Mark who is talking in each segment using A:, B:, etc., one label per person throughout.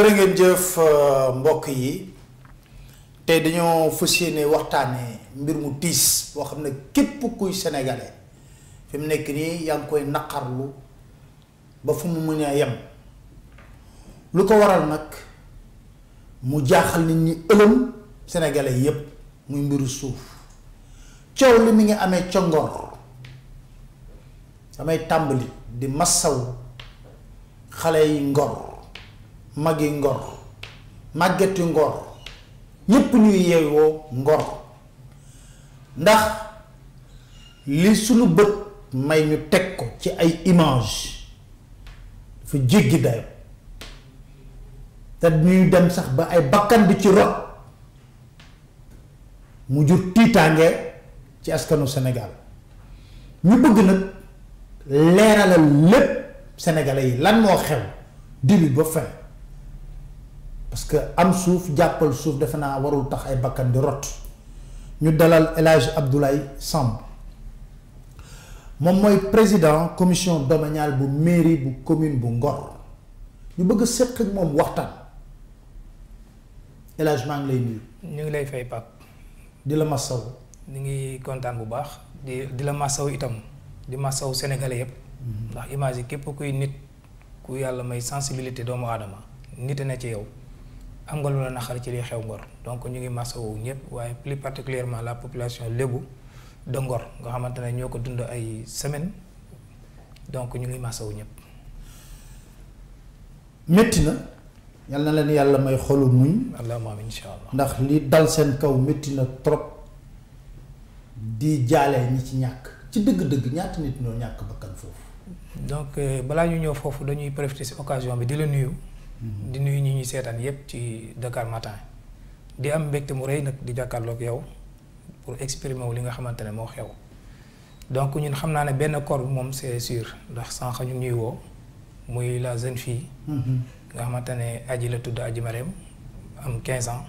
A: jërë ngeen jëf euh, mbokk yi tey dañoo fassiyene yéene waxtaane mbir mu tiis boo xam ne képp kuy sénégalais fi mu nekk nii yaa ngi koy naqarlu ba fu mu mën a lu ko waral nag mu jaaxal nit ñi ëlëm sénégalais yépp muy mbiru suuf coow li mi ngi amee ca Ngor damay tàmbali di massaw xale yi Ngor magi ngor magetti ngor ñepp ñuy yeewoo ngor ndax li suñu bëtt may ñu tek ko ci ay image dafa jéggi dayo te ñuy dem sax ba ay bakkan bi ci rot mu jur tiitaange ci askanu sénégal ñu bëgg nag leeralal lépp sénégalais yi lan moo xew dibi ba fin parce que am souf jàppal souf defena warul tax ay bakkan di rot ñu dalal elage Abdoulaye sam moom président commission domaniale bu mairie bu commune bu Ngor ñu bëgg sekk ak mom waxtan
B: elage mang lay nuyu. ñu ngi lay fay pap di la massaw ni ngi kontaan bu baax di di la massaw itam di massaw sénégalais yépp mm-hmm. ndax image képp kuy nit ku yàlla may sensibilité doomu aadama nit na ci yow am nga lu la naxal ci li xew ngor donc ñu ngi wu ñep waye plus particulièrement la population lebu de ngor nga xamantene ñoko dund ay semaine donc ñu ngi wu ñep
A: metti na yalla na leen yalla may xolu muñ allah amin insha ndax li dal sen kaw metti na trop di jale ni ci ñak ci deug
B: deug ñaata nit ñoo ñak bakkan fofu donc euh, bala ñu ñëw fofu dañuy profiter ci occasion bi di la nuyu di nuyu ñi ñuy seetaan yépp ci Dakar Matin di am mbégte mu rëy nag di jàkkaarloog yow pour exprimer wu li nga xamante ne moo xew donc ñun xam naa ne benn corps moom c'est sûr ndax sànq ñu ñuy woo muy la jeune fii mm-hmm. nga xamante ne aji la tudd aji Marème am 15 ans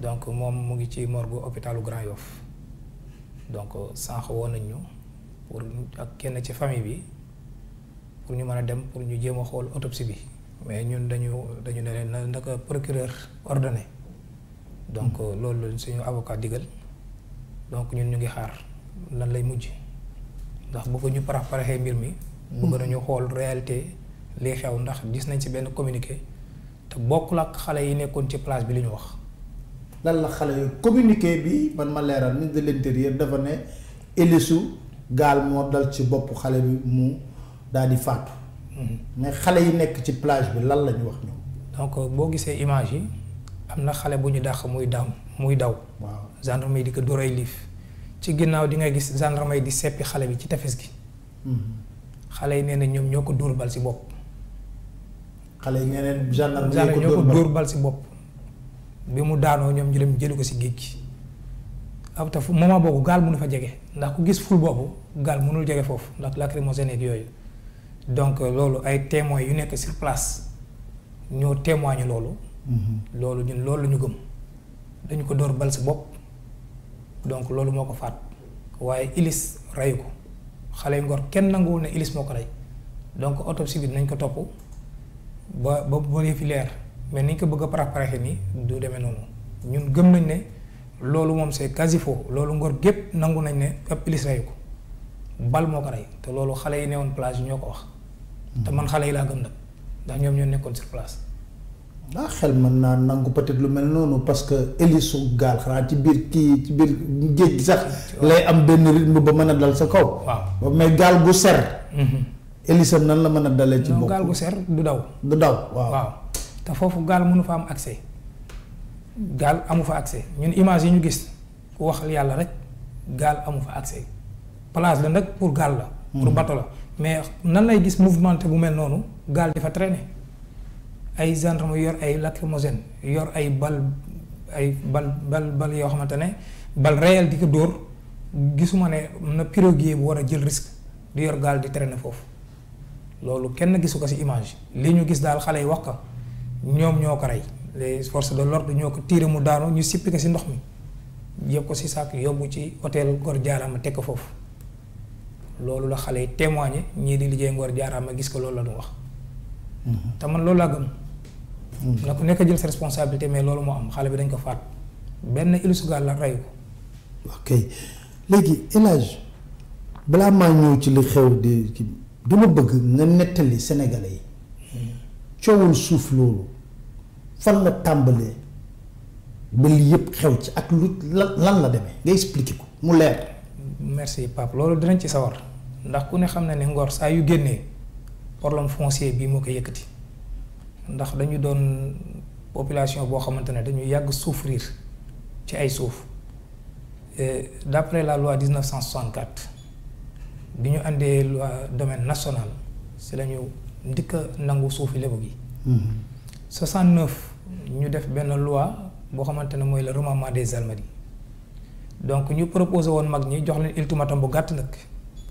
B: donc moom mu ngi ci morgo hôpitalu Grand Yoff donc sànq woo nañ ñu pour ak kenn ci famille bi pour ñu mën a dem pour ñu jéem a xool autopsie bi. mais ñun dañu dañu ne leen na naka procureur ordonné donc hmm. loolu suñu avocat digal donc ñun ñu ngi xaar lan lay mujj ndax bu ñu parax paraxee mbir mi. bëgg hmm. nañu xool réalité li xew ndax gis nañ si benn communiqué te bokkul ak xale yi nekkoon ci place bi li ñu wax.
A: lan la xale yu communiqué bi man ma leeral ministre de l'intérieur dafa ne Elisu gaal moo dal ci boppu xale bi mu daal di faatu. mais xale yi nekk ci plage bi lan la ñu wax ñoom.
B: donc boo gisee image yi am na xale bu ñu dàq muy daw muy daw. waaw gendarmerie di ko dóor ay liif ci ginnaaw di nga gis gendarmerie di seppi xale bi ci tefes gi. Hmm. xale yi nee na ñoom ñoo ko dóor bal si bopp. xale yi nee na gendarmerie ñoo bal si bopp. bi mu daanoo ñoom ñu dem jëli ko si géej gi. ab taf moment boobu gaal mënu fa jege ndax ku gis ful boobu gaal mënul jege foofu ndax moo lacrymogène ak yooyu. donc euh, lolo ay témoins sur place nous témoignons lolo. Mhm. Lolo ñun lolo ñu gëm. dañ ko door bal donc lolo moko faat waaye Ilis ko xale Ilis moo ko donc autopsie bi dinañ ko topp ba fi mais niñ ko bëgg a paraparaaxee nii du demee ñun gëm nañ ne c'est quasi faux loolu Ngor nangu nañ ne Ilis reyu ko bal moo ko rey place te man xale yi laa gëm nag ndax ñoom ñoo nekkoon si place.
A: ah xel mën naa nangu peut-être lu mel noonu parce que hélice gaal xanaa ci biir kii ci biir géej gi sax. lay am benn rythme ba mën a dal sa kaw. waaw mais gaal gu ser. Mhm. hélice am nan la mën a dalee. ci bopp gaal
B: bu ser du daw. du daw waaw te foofu gaal mënu fa am accès gaal amu fa accès ñun image yi ñu gis ku wax yàlla rek gaal amu fa accès place la nag pour gaal la. pour mhm. bato la. mais nan lay gis mouvementé bu mel noonu gaal di traîner ay gendarme yor ay lacrymogène yor ay bal ay bal bal bal yo xamante bal réel di ko dóor gisuma ne na piroguier bu war jël risque di yor gal di traîner foofu loolu kenn gisu ko ci image li ñu gis dal xalé wax ka ñom ñoko ray les forces de l'ordre ñoko tiré mu daano ñu sippi ci ndox mi yëpp ko ci sàkk yóbbu ci hôtel gor Jaaraama teg ko foofu loolu la xale yi témoigné ñii di liggéey Ngor a gis ko loolu la ñu wax. Mhm. te man loolu laa gëm. Mhm. na ku nekk jël sa responsabilité mais loolu moo am xale bi dañ ko faat benn Ilou la rey ko.
A: ok léegi El Hadj balaa maa ñëw ci lu xew di ci dama bëgg nga nettali sénégalais yi hmm. coowul suuf loolu fan la tàmbalee ba lii yëpp xew ci ak lu lan la demee nga expliqué ko mu leer.
B: merci Pape loolu dinañ ci sawar. ndax ku ne na Ngor saa yu génnee problème foncier bii moo ko yëkkati ndax dañu doon population boo xamante ne dañu souffrir ci ay d'après la loi 1964 bi ñu àndee loi domaine national si la ñu ndikk nangu suufi lébu 69 mhm. ñu def benn loi boo ne le des almadis. donc ñu proposé woon mag ñi jox ultimatum bu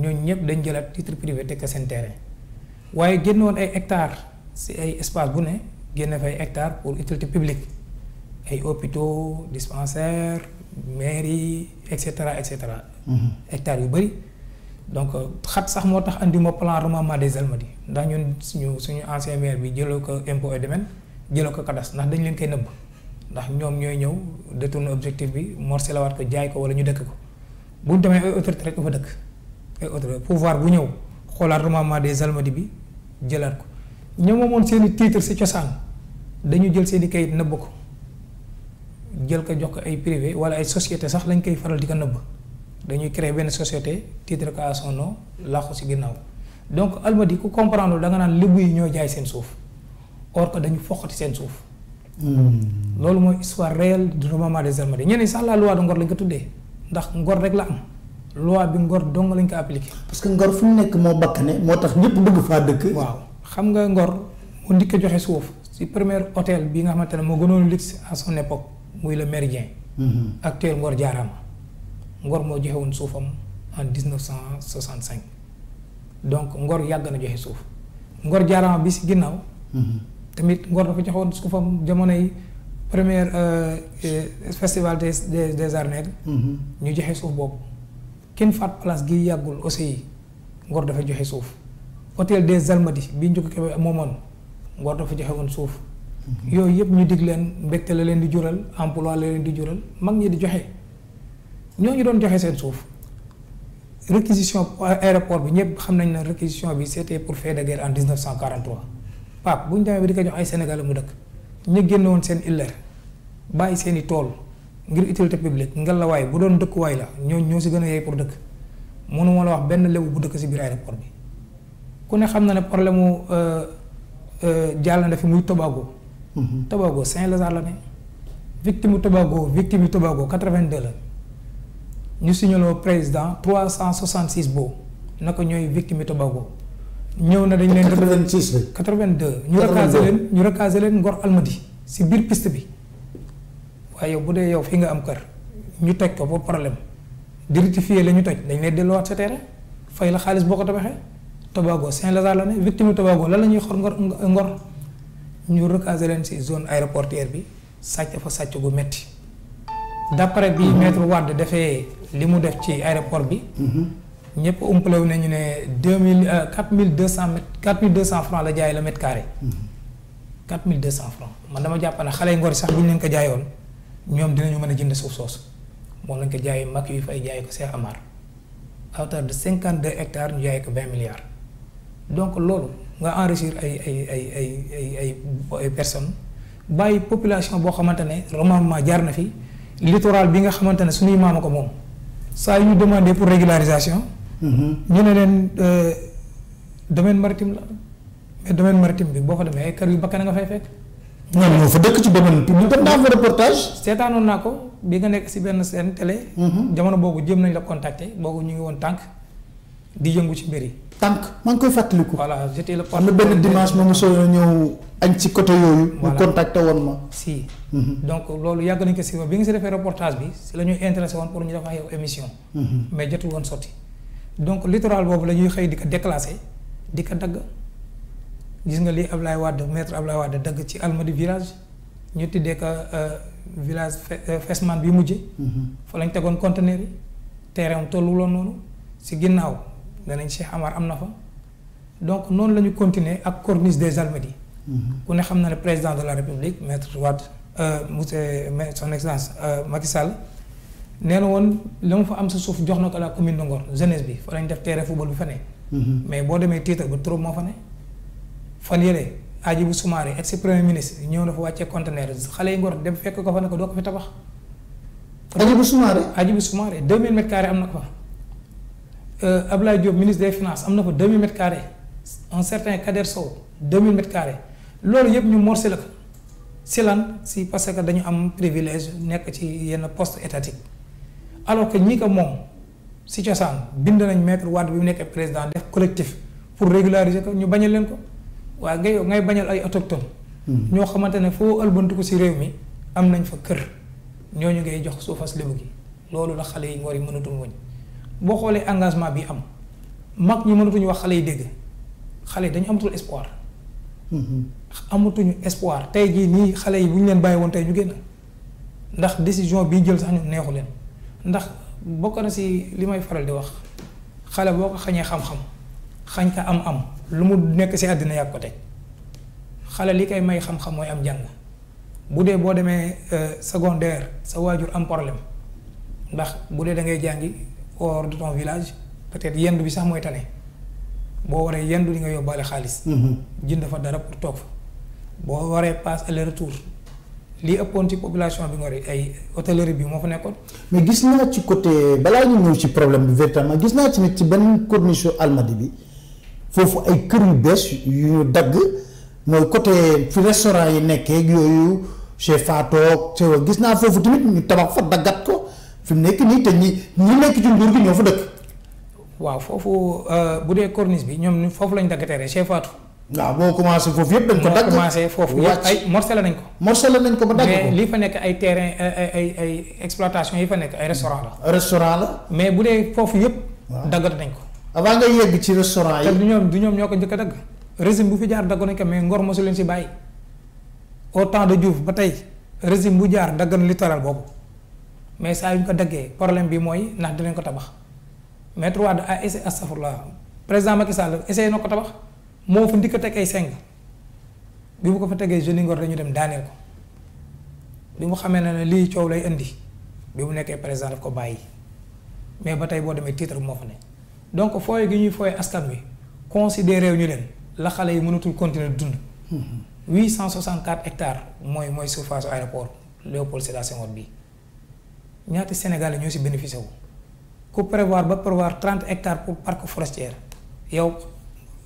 B: ñooñu ñëpp dañ jëlat titre privé tek sen terrain waye genn won ay hectare ci ay espace bu ne genn fay hectare pour utilité publique ay hôpitaux dispensaires mairie et cetera et cetera. Mhm. hectares yu bari donc xat sax moo tax andi mo plan remembrement des almadi ndax ñun suñu suñu ancien maire bi jëlo ko impôt et domaine jëlo ko cadastre ndax dañ leen kay neub ndax ñoom ñooy ñëw détourner objectif bi morcelawat ko jaay ko wala ñu dëkk ko bu demé autorité rek fa dëkk. Eh, pouvoir bu ñëw xoolaat remembrement des almadi bi jëlaat ko ñoo mon seen titre si cosaan dañu jël seen kayit nëbb ko jël ko jox ko ay privé wala ay société sax lañ koy faral di ko nëbb dañuy créer benn société titre ko à son nom làqu si ginnaaw donc almadi ku comprendre da nga naan lébu yi ñoo jaay seen suuf or que dañu foxati seen suuf
C: hmm.
B: loolu mooy histoire réelle du remembrement des almadi ñeneen sax la loi de Ngor lañ ko tuddee ndax Ngor rek la am loi bi ngor dong lañ ko appliquer parce que ngor fu mu nekk moo bakkane moo tax ñëpp bëgg faa dëkk. waaw xam nga ngor mu ndikk joxe suuf si premier hôtel bi nga xamante ne moo gënoon luxe à son époque muy le Méridien. Mhm. actuel Ngor Jaaraama Ngor moo joxe woon suufam en 1965 donc Ngor yàgg na joxe suuf Ngor Jaaraama bi si ginnaaw. Mhm. tamit Ngor dafa joxe woon suufam jamonoy première euh, euh, festival des des des Arts nègres. Mhm. ñu joxe suuf boobu. kenn faat place gi yàggul aussi Ngor dafa joxe suuf hôtel des Almadies bi njëkk ko moomoon Ngor dafa joxe woon suuf mhm. yooyu yëpp ñu dig leen mbégte la leen di jural emploi la leen di jural mag ñi di joxe ñoo ñooñu doon joxe seen suuf réquisition aéroport bi ñëpp xam nañ ne réquisition bi c'était pour fait de guerre en 1943 Pape bu ñu demee ba di ko jox ay Sénégalais mu dëkk ñu génnewoon seen iller bàyyi seen i tool. ngir utilité la waaye bu doon dëkkuwaay la ñoo ñoo si gën a yey pour dëkk mënu ma la wax benn lebu bu dëkk si biir aéroport bi ku ne xam na ne problème mu euh, euh, jàll na fi muy Tobago. Mhm. Tobago Saint-Lazare la ne. victime mu Tobago victime mu Tobago 82 la ñu signaloo président 366 boo na ko ñooy victime mu Tobago. ñëw na dañ leen. 86 la 82 ñu ñu recaser leen Ngor Almadi si biir piste bi. waaye yow bu dee yow fi nga am kër ñu toj ko ba problème di rectifier la ñu toj dañ lay delluwaat sa terrain fay la xaalis boo ko tabaxee Tobago Saint-Lazare la ne victime Tobago lan la ñuy xor ngor ngor ñu recaser leen ci zone aéroportuaire bi sàcc fa sàcc gu metti d'après bi mhm. maître Wade defee li mu def ci aéroport bi. Mhm. ñëpp umpalewu nañu ne deux mille euh, quatre mille deux cent mètres quatre mille deux cent francs la jaay la mètre carré. Mhm. quatre mille deux cent francs man dama jàpp ne xale yu ngor sax bu ñu leen ko jaayoon. ñoom dinañu mën a jënd suuf soosu moom lañ ko jaayee mag yu fay jaay ko Cheikh Amar à hauteur de cinquante deux hectares ñu jaayee ko vingt milliards. donc loolu nga enrichir ay ay ay ay ay ay personnes bàyyi population boo xamante ne remembrement jaar na fi littoral bi nga xamante ne suñuy maama ko moom saa yu ñu demandé pour régularisation. Mm-hmm. ñu ne leen euh, domaine maritime la mais domaine maritime bi boo fa demee ay kër yu bakkan nga fay fekk. ñoom ñoo fa dëkk ci domaine bi ñu dem naa fa reportage seetaanoon naa ko bi nga nekk si benn seen télé mhm. jamono boobu jëm nañ la contacté boobu ñu ngi woon tànk di yëngu ci mbir yi tànk maa ngi koy fàttaliku voilà j'étais le am na benn dimanche ma
A: mosoo ñëw añ ci côté yooyu ñu contacté woon ma si
B: mhm. donc loolu yàgg nañ ko si bi nga si defee reportage bi si la ñuy intéressé woon pour ñu dafa yow émission mhm. mais jotul woon sotti donc littoral boobu la ñuy xëy di ko déclassé di ko dagg gis nga li Ablaye Wade maître Ablaye Wade dagg ci Almadi village ñu tuddee ko euh, village euh, Fesman bi mujje mm-hmm. fa lañ tegoon conteneur yi terrain tolluloon noonu si ginnaaw danañ Cheikh Amar am na fa donc noonu la ñu continuer ak corniche des Almadies mm-hmm. ku ne xam na ne président de la république maître Wade euh, monsieur son excellence Macky Sall nee na woon la mu fa am sa suuf jox na ko la commune de Ngor jeunesse bi fa lañ def terrain football bi fa ne mm-hmm. mais boo demee titre ba trop moo fa ne fan yële Soumare, Soumaré ex premier ministre ñëw na fa wàccee conteneurs. Les enfants, ngor dem fekk ko fa ne ko ko fi tabax. Soumaré Soumaré 2000 mètres carrés am ko fa euh, Abdoulaye Diop ministre des finances am 2000 mètres carrés un certain Kader Sow 2000 mètres carrés loolu ça, ñu morcé la C'est si parce que dañu un privilège d'être ci un poste étatique alors que nous, ko moom si cosaan bind nañ maître Wade bi mu président collectif pour régulariser ko ñu bañal leen ko. wa ngay ngay bañal ay autochtone hmm. ño xamantene fo albuntu ko ci rew mi am nañ fa kër ñooñu ngay jox soufas lebu gi lolu la xalé yi ngor yi mënatul woñ bo xolé engagement bi am mag ñi mënatuñu wax xalé yi dégg xalé dañu amatul espoir hmm. amatuñu espoir tay ji ni xalé yi buñu leen bàyyi won tay ñu génn ndax décision bi jël sax ñu neexu leen ndax bokk na si limay faral di wax xalé boko xagne xam-xam xañ ka am am lu mu nekk si àddina yàgg ko teg xale li koy may xam-xam am euh, secondaire sa waajur am problème ndax hors de ton village peut-être yendu bi sax mooy tane boo waree yendu li nga yóbbaale xaalis. Mm-hmm. jënd fa dara pour toog fa. boo waree passe aller retour ci population bi nga ay bi fa
A: mais gis naa ci côté ñu ci problème bi gis ci ci corniche bi. foofu ay kër yu bees yu ñu dagg mooy côté fi restaurant yi nekkee yooyu chez Fatou ak gis naa foofu tamit ñu tabax fa daggat ko fi mu nekk nii te ñi ñi nekk ci nguur
B: gi ñoo fa dëkk. waaw foofu euh, bu dee corniche bi ñoom foofu lañ daggateeree chez Fatou. waaw boo commencé foofu yëpp dañ ko dagg commencé foofu ay morcelé nañ ko. la nañ ko ba dagg ko mais li fa nekk ay terrain ay ay exploitation yi fa nekk ay restaurant la. restaurant mais bu dee foofu yëpp. daggat nañ ko. avant nga yegg iya ci restaurant yi. du ñoom du ñoom ñoko jëk dag régime bu fi jaar dagg nañ mais ngor mosu leen si bàyyi au temps de Diouf ba tay régime bu jaar daggan littoral bobu mais sa yu ko dagge problème bi moy nak dinañ ko tabax maître Wade a essayé astaghfirullah président Macky Sall essayé nako tabax mo fu ndik teg ay seng bi bu ko fa tegee jeune ngor dañu dem daniel ko bi mu xamé na li ciow lay indi bi mu nekké président ko mais ba tay bo démé titre mo fa nekk donc fooy gi ñuy fooy askan wi considéré ñu leen la xale yi mënatul continuer dund. 864 mm-hmm. hectares mooy mooy surface aéroport Léopold Sédar Senghor bi ñaati Sénégalais ñoo si bénéficié wu. ku prévoir ba prévoir 30 hectares pour parc forestier yow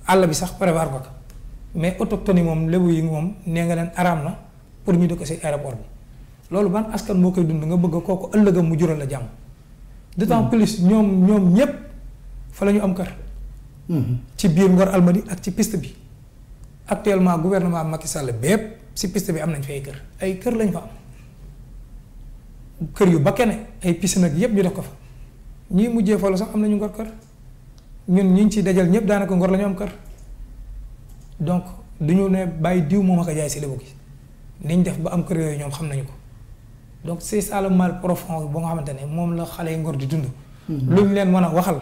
B: àll bi sax prévoir ko mais autochtone yi moom lébu yi moom nee nga leen araam na pour ñu dëkk si aéroport bi loolu ban askan moo koy dund nga bëgg kooku ëllëgam mu jural la jàmm. d'autant mm-hmm. plus ñoom ñoom ñëpp. fa lañu am kër mm-hmm. ci biir ngor almadi ak ci piste bi actuellement gouvernement Macky Sall bépp si piste bi am nañ fay kër ay kër lañ fa am kër yu bakkene ay piscine ak yépp ñu def ko fa ñi mujjé fa la sax am nañu ngor kër ñun ñi ci dajal ñëpp daanaka ngor lañu am kër donc duñu ne bay diiw moom ak jaay si lebu gi niñ def ba am kër yoy ñom xam nañu ko donc c'est ça le mal profond bo nga xamantene mom la xalé ngor di dund mm-hmm. luñ leen mëna waxal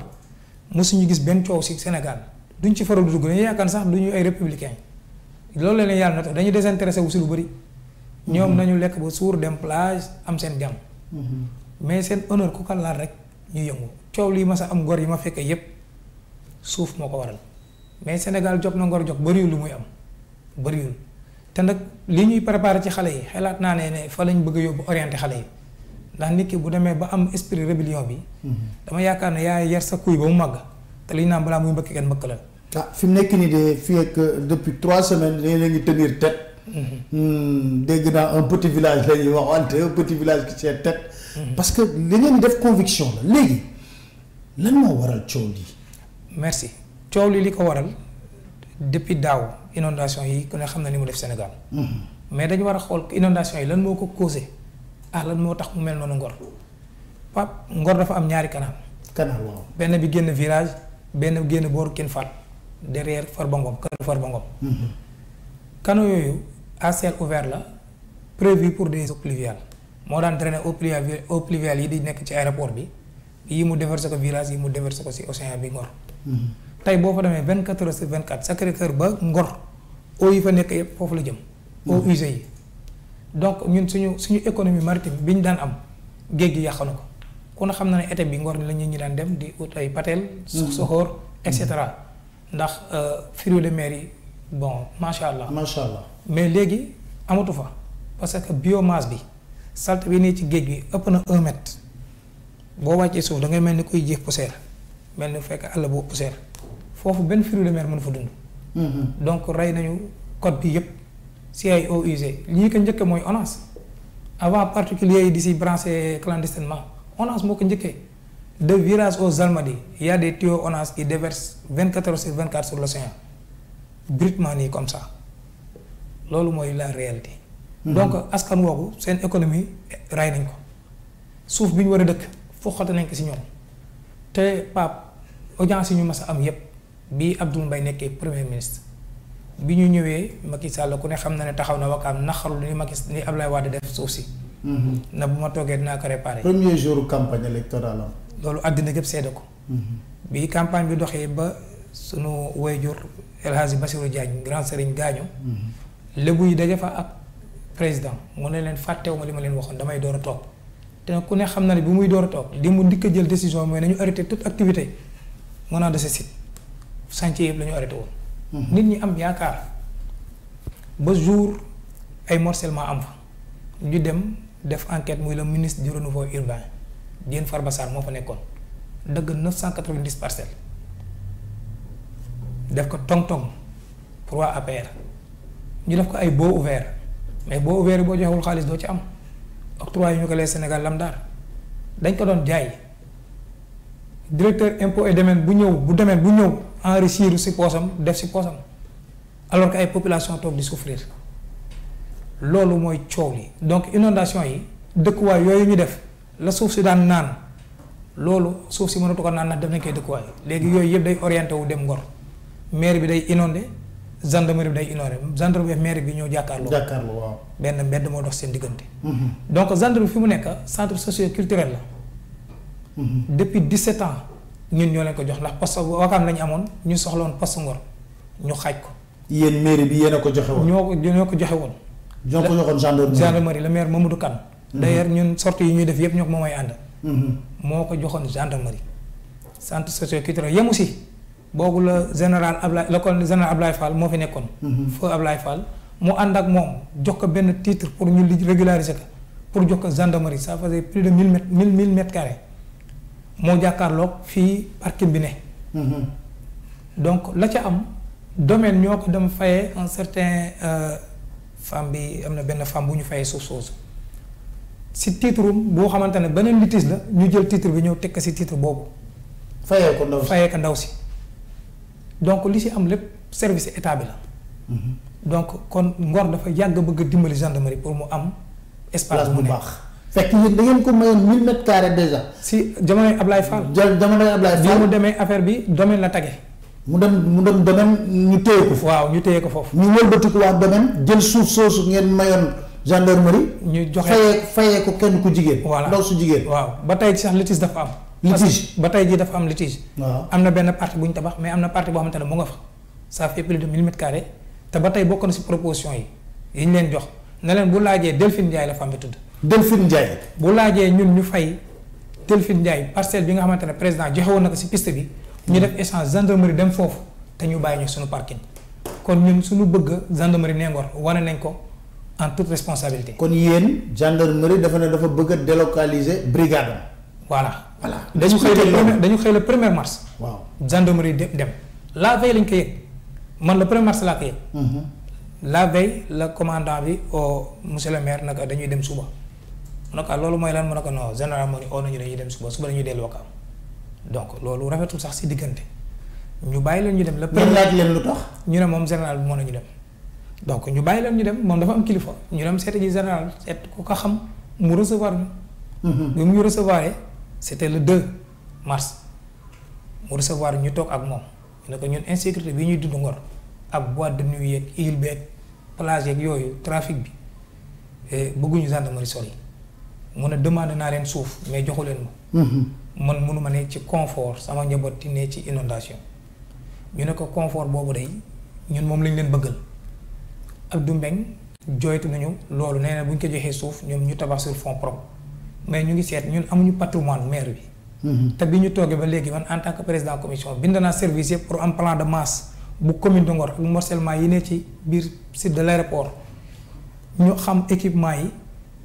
B: musuñu gis ben ciow si Sénégal duñ ci faral dugg dañuy yaakaar sax duñu ay républicain loolu la leen yàlla natoo dañu désintéressé wu ci lu bari ñom mhm. nañu lek bu sour dem plage am sen jàmm mhm. mais sen honneur ku kan laal rek ñu yëngu ciow li ma sa am gor yi ma fekkee yépp suuf moko waral mais Sénégal jog na ngor jog bari lu muy am bëriwul te nak li ñuy préparer ci xalé yi xalaat na ne fa lañ bëgg yóbbu orienter xalé yi ndax nit ki bu demee ba am esprit rébellion bi. Mhm. dama yaakaar ne ya yar sa kuy ba mu màgg te li ñu naan balaa muy mbëkk kenn ah
A: fi mu nekk nii de fii ak euh, depuis trois semaines dañu leen tenir tête. Mhm. Hmm, dégg naa un petit village la ñuy wax wante un petit village qui tient tête. Mhm. parce que li ngeen def conviction la léegi lan moo waral coow
B: merci coow li ko waral depuis daaw inondation yi ku ne xam ni mu def Sénégal. mais dañu war a xool inondation yi lan moo ko causé. ah lan moo tax mu mel noonu Ngor pap Ngor dafa am ñaari canal. canal benn bi génn virage benn génn boor kenn fal derrière Farba Ngom kër
C: mm-hmm.
B: yooyu à ciel ouvert la prévu pour des eaux moo daan drainer eaux pluviales eaux pluviales yi di nekk ci aéroport bi yi mu déverse ko virage yi mu déverse ko si océan bi Ngor. Mm-hmm. tey boo fa demee vingt quatre heures sur vingt quatre ba Ngor eau yi fa nekk yëpp foofu la jëm. eau mm-hmm. usée yi. donc ñun suñu suñu économie maritime bi daan am géej gi yàq na ko ku ne xam na ne été bi ngor la ñu ñu daan dem di ut ay patel mm-hmm. soxoor et mm-hmm. cetera ndax euh, fruits de mer yi bon macha allah. macha allah mais léegi amatu fa parce que biomasse bi salte bi nii ci géej gi ëpp na un mètre boo wàccee suuf da ngay mel ni kuy jéex poussière mel ni fekk àll bu poussière foofu benn fruit de mer mën fa dund. Mm-hmm. donc rey nañu code bi yëpp si ay eaux usées li ñu ko ONAS avant particulier ici, branché clandestinement ONAS moo ko de virage aux il y a des tuyaux ONAS qui déversent 24 heures sur 24 sur l'océan brutalement comme ça C'est la réalité. Mhm. donc askan woowu seen économie ray nañ ko suuf bi ñu war a dëkk foxate nañ ko si ñoom te Pape audience yi ñu mas a am yépp Bi Abdoul Mbaye premier ministre bi ñu ñëwee Macky Sall ku ne xam na ne taxaw na wakam naxarul li Macky ni Ablaye Wade def suuf si. Mhm. na bu ma toogee dinaa ko réparé. premier jour
A: campagne électorale am.
B: loolu àddina gépp seede ko. Mhm. bi campagne bi doxee ba sunu wayjur El Hadji Bassirou Diagne grand sëriñ gaañu. Mhm. lébu yi daje fa ak président mu ne leen fàttewuma li ma leen waxoon damay door a toog te ku ne xam na ne bi muy door a toog li mu ndikk jël décision mooy nañu arrêté toute activité menant de ce site chantier yëpp la ñu arrêté woon. nit ñi am yaakaar ba jour ay morcellement am fa ñu dem def enquête muy le ministre du renouveau urbain far Farba Sarr moo fa nekkoon dëgg 990 parcelles def ko tong-tong pour waa APR ñu def ko ay baux ouverts mais baux ouverts yi boo joxewul xaalis doo ci am octroi yi ñu ko lee Sénégal lam dañ ko doon jaay. directeur impôt et domaine bu ñëw bu domaine bu ñëw enrichir si poosam def alors que ay population toog di souffrir loolu mooy coow donc inondation yi dëkkuwaay yooyu ñu def la suuf si daan naan loolu suuf si mënatu ko naan ndax def nañ koy dëkkuwaay léegi yooyu yëpp day orienté wu dem Ngor maire bi day inondé gendarmerie bi day inondé gendarmerie maire bi ñëw jàkkaarloo. jàkkaarloo waaw benn dox mhm. donc gendarmerie fi mu centre socio culturel Mm-hmm. depuis 17 ans ñun ñoo leen ko jox ndax poste wakaam la ñu amoon ñu soxla woon poste Ngor ñu xaaj ko. yéen mairie bi yéen a ko joxe woon. ñoo ko ko joxe woon. ñoo ko joxoon gendarmerie gendarmerie le maire Mamadou Kane. Mm-hmm. d'ailleurs ñun sorties yi ñuy def yëpp ñoo ko moom mooy ànd. Mm-hmm. moo ko joxoon gendarmerie. centre socioculturel yemu si boobu la général Ablaye la colonel général moo fi nekkoon. feu Ablaye Fall mu ànd ak moom jox ko benn titre pour ñu régulariser ko pour jox ko gendarmerie ça moo jàkkaarloog fii parking bi ne. Mhm. donc la ca am domaine ñoo ko dem fayee un certain euh, femme bi amna benn femme bu ñu fayé suuf soosu si titre bo xamantene benen beneen litige la ñu jël titre bi ñeu tek ci titre boobu. fayé ko ndaw si ko ndaw si donc li ci am lepp service état bi la. Mhm. donc kon Ngor dafa yàgg bëgg dimbali gendarmerie pour mu am. espace bu baax. fekk yéen da ngeen ko mayoon 1000 mètres carrés déjà. si jamonoy Ablaye Fall. jël
A: jamonoy Ablaye Fall bi mu demee affaire bi domaine la tagge. mu dem mu dem domaine ñu téye ko. waaw ñu téye ko foofu. ñu wëlbatiku waa domaine jël suuf soosu ngeen mayoon gendarmerie. ñu joxe
B: fayee fayee ko kenn ku jigéen. voilà ndaw su jigéen. waaw ba tey sax litige dafa am. litige ba tey jii dafa am litige. waaw am na benn partie bu ñu tabax mais am na partie boo xamante ne mu nga fa. ça fait plus de 1000 mètres te ba tey bokk na si proposition yi yi leen jox ne leen bu laajee Delphine Ndiaye la femme bi tudd Delphine Ndiaye bu laajee ñun ñu fay Delphine Ndiaye parcelle bi nga président joxe woon na piste bi ñu def échange gendarmerie dem foofu nous ñu bàyyi ñu suñu parking kon ñun suñu bëgg gendarmerie Nengoor wane nañ ko en toute responsabilité. kon yéen
A: gendarmerie dafa ne dafa bëgg délocaliser brigade
B: voilà voilà dañu xëy le dañu mars. waaw gendarmerie dem dem la veille lañ man le premier mars mhm. la veille la commandant bi au monsieur le maire dañuy mu ne ko loolu mooy lan mu ne ko non général moo ni oo nañu dañuy dem suba suba dañuy dellu wakam donc loolu rafetul sax si diggante ñu bàyyi leen ñu dem lépp laaj leen lu tax ñu ne moom général bi moo nañu dem eh, donc ñu bàyyi leen ñu dem moom dafa am kilifa ñu dem seeti ji général seet ku ko xam mu recevoir ñu bi mu ñu recevoir c'était le 2 mars mu recevoir ñu toog ak moom ñu ne ko ñun insécurité bi ñuy dund ngor ak boîte de nuit yeeg île beeg plage yeeg yooyu trafic bi bëgguñu gendarmerie sori mu ne demandé naa leen suuf mais joxu leen ma. Mhm. man munuma ne ci confort sama njaboot di ne ci inondation ñu ne ko confort boobu de ñun moom lañ leen bëggal ak du mbeng jooytu nañu loolu nee ne bu ñu ko joxee suuf ñoom ñu tabax sur fond propre mais ñu ngi seet ñun amuñu patrimoine maire bi. Mhm. te bi ñu toogee ba léegi man en tant que président commission bind naa service yëpp pour am plan de masse bu commune de Ngor ak morcellement yi ne ci biir site de l' aéroport ñu xam équipement yi.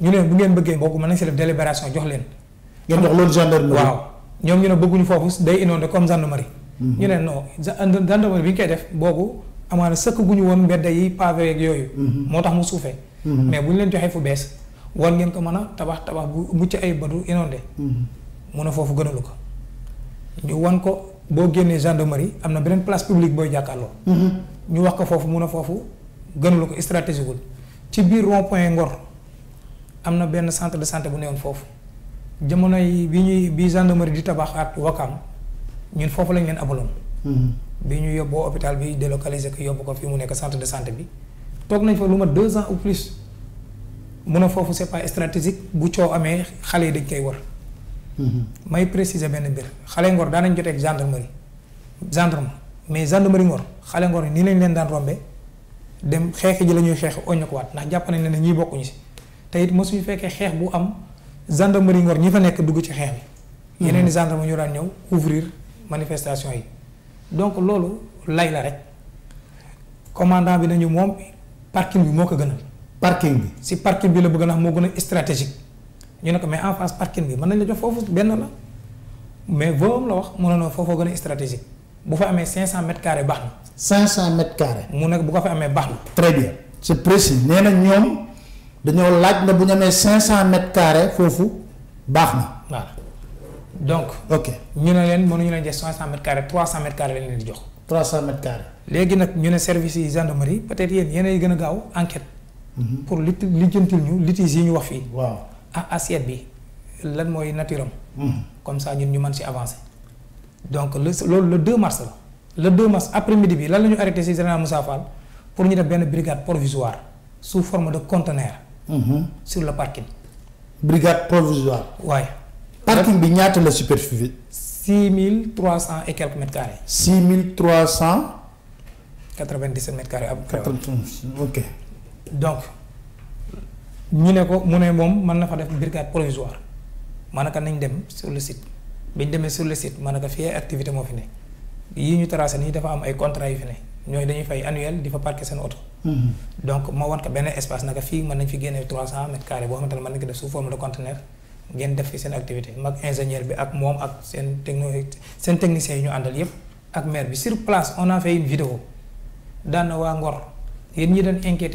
B: ñu leen bu ngeen bëggee mbokk man ci def délibération jox leen ngeen jox lool gendarmerie waaw ñom ñu ne bëgguñu fofu day inondé comme gendarmerie mhm. ñu ne non gendarmerie bi ngi koy def boobu amana sëkk guñu won mbédé yi pavé ak yoyu motax mhm. mu soufé mhm. mais buñu leen joxé fu bees won ngeen ko mëna tabax tabax bu mucc ay badu inondé mëna fofu gënalu ko ñu won ko bo génné gendarmerie amna benen place publique boy jàkkaarloo ñu wax ko fofu mëna fofu gënalu ko stratégique ci biir rond point ngor am na benn centre de santé bu newoon foofu jamono yi bi ñuy bi gendarmerie di tabaxaat Wakam ñun foofu lañ leen abaloon. Mm-hmm. bi ñu yóbboo hôpital bi délocaliser ko yóbbu ko fi mu nekk centre de santé bi toog nañ fa lu ma deux ans ou plus mun a foofu c'est pas stratégique bu coow amee xale yi dañ koy war. Mm-hmm. may préciser benn mbir xale ngor daan nañ jotee gendarmerie gendarme mais gendarmerie ngor xale ngor ni lañ leen daan rombe dem xeex ji la ñuy xeex oñ ko waat ndax jàpp nañ ne ñii bokkuñu si te it mosuñu fekkee xeex bu am gendarmerie Ngor ñi fa nekk dugg ci xeex bi. Hmm. yeneen i gendarme ñu daan ñëw ouvrir manifestation yi donc loolu lay la rek commandant bi nañu moom parking bi moo ko gënal. parking bi si parking bi la bëgg na xam moo gën a stratégique ñu ne ko mais en face parking bi mën nañ la jox foofu benn la mais voom la wax mu ne non foofoo gën a stratégique bu fa amee 500 mètres carrés baax na. 500 mètres carrés. mu ne bu ko fa amee baax na.
A: très bien c'est précis nee na ñoom. Nous laaj na bu ñu mètres carrés foofu
B: voilà donc. ok ñu ne leen mënuñu mètres carrés 300 mètres carrés 300 di jox. mètres carrés. léegi nag ñu ne service yi gendarmerie peut-être yéen yéenay gën a gaaw enquête. Mhm. pour li lijjantil ñu litiges yi ñu wax fii. waaw ah assiette bi lan mhm. comme ça ñun ñu avancé. avancer. donc le le 2 mars le 2 mars après midi bi lan la arrêté si général Moussa Fall pour ñu def une brigade provisoire sous forme de conteneur. Mhm. sur le parking. brigade
A: provisoire. Oui. parking bi ñaata la superficie.
B: 6300 mille et quelques mètres carrés. 6300 mille mètres carrés ok. donc ñu ne ko mu ne moom mën na fa def brigade provisoire maanaka nañ dem sur le site bi ñu demee sur le site maanaka fii activité moo fi ne yii ñu tracé nii dafa am ay contrats yu fi ne ñooñu dañuy fay annuel di fa seen mhm. donc wan ko benn espace naka fii mën nañ fi 300 mètres carrés sous forme de conteneur ngeen def fi activité ingénieur bi ak techniciens sur place on a fait une vidéo daan na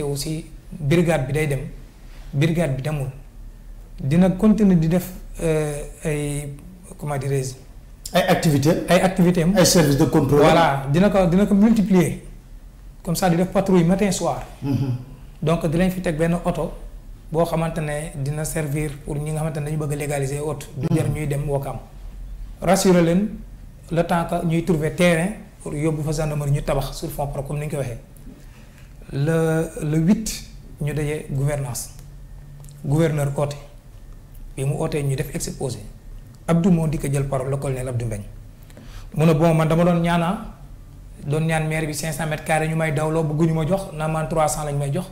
B: aussi brigade bi brigade bi dina di euh, comment ay activité ay service de contrôle voilà dina ko multiplier comme ça di def patrouille matin soir. Mm-hmm. donc dinañ fi teg benn oto boo dina servir pour ñi nga xamante dañu bëgg légaliser oto. du mm-hmm. jar ñuy dem wokam rassurer le temps que ñuy trouver terrain pour yóbbu fa gendarmerie ñu tabax sur fond propre comme ni ko waxee le le huit ñu nous gouvernance gouverneur côté bi mu ñu def exposé. Abdou moo dikk jël parole le colonel Abdou Mbengue mu ne bon man dama doon ñaana ah, doon ñaan maire bi 500 mètres carrés ñu may dawloo bëgguñu ma jox naa man 300 lañ may jox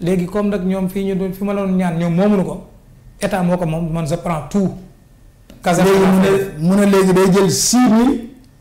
B: léegi comme nag ñoom fii ñu doon fi ma la doon ñaan ñoom moomuñu ko état moo ko moom man je prends tout. Casamance mu ne mu ne léegi day jël 6 000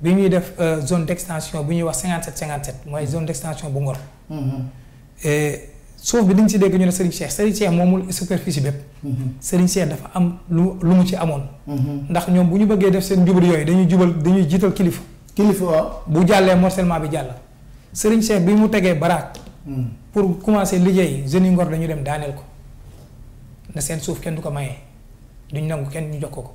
B: bi ñuy def euh, zone d' extension bi ñuy wax 57 57 mooy zone d' extension bu Ngor. Mm-hmm. suuf bi dañ si dégg ñu ne Serigne Cheikh Serigne Cheikh moomul superficie bépp. Mm-hmm. Serigne Cheikh dafa am lu lu mu ci amoon. Mm-hmm. ndax ñoom bu ñu bëggee def seen jubal yooyu dañuy jubal dañuy jiital kilifa. kilifa waaw bu jàllee morcellement bi jàll. Serigne Cheikh bi mu tegee baraak. Mm. pour commencer liggéey jeunes yi Ngor dañu dem daaneel ko. na seen suuf kenn du ko maye duñ nangu kenn ñu jox ko ko.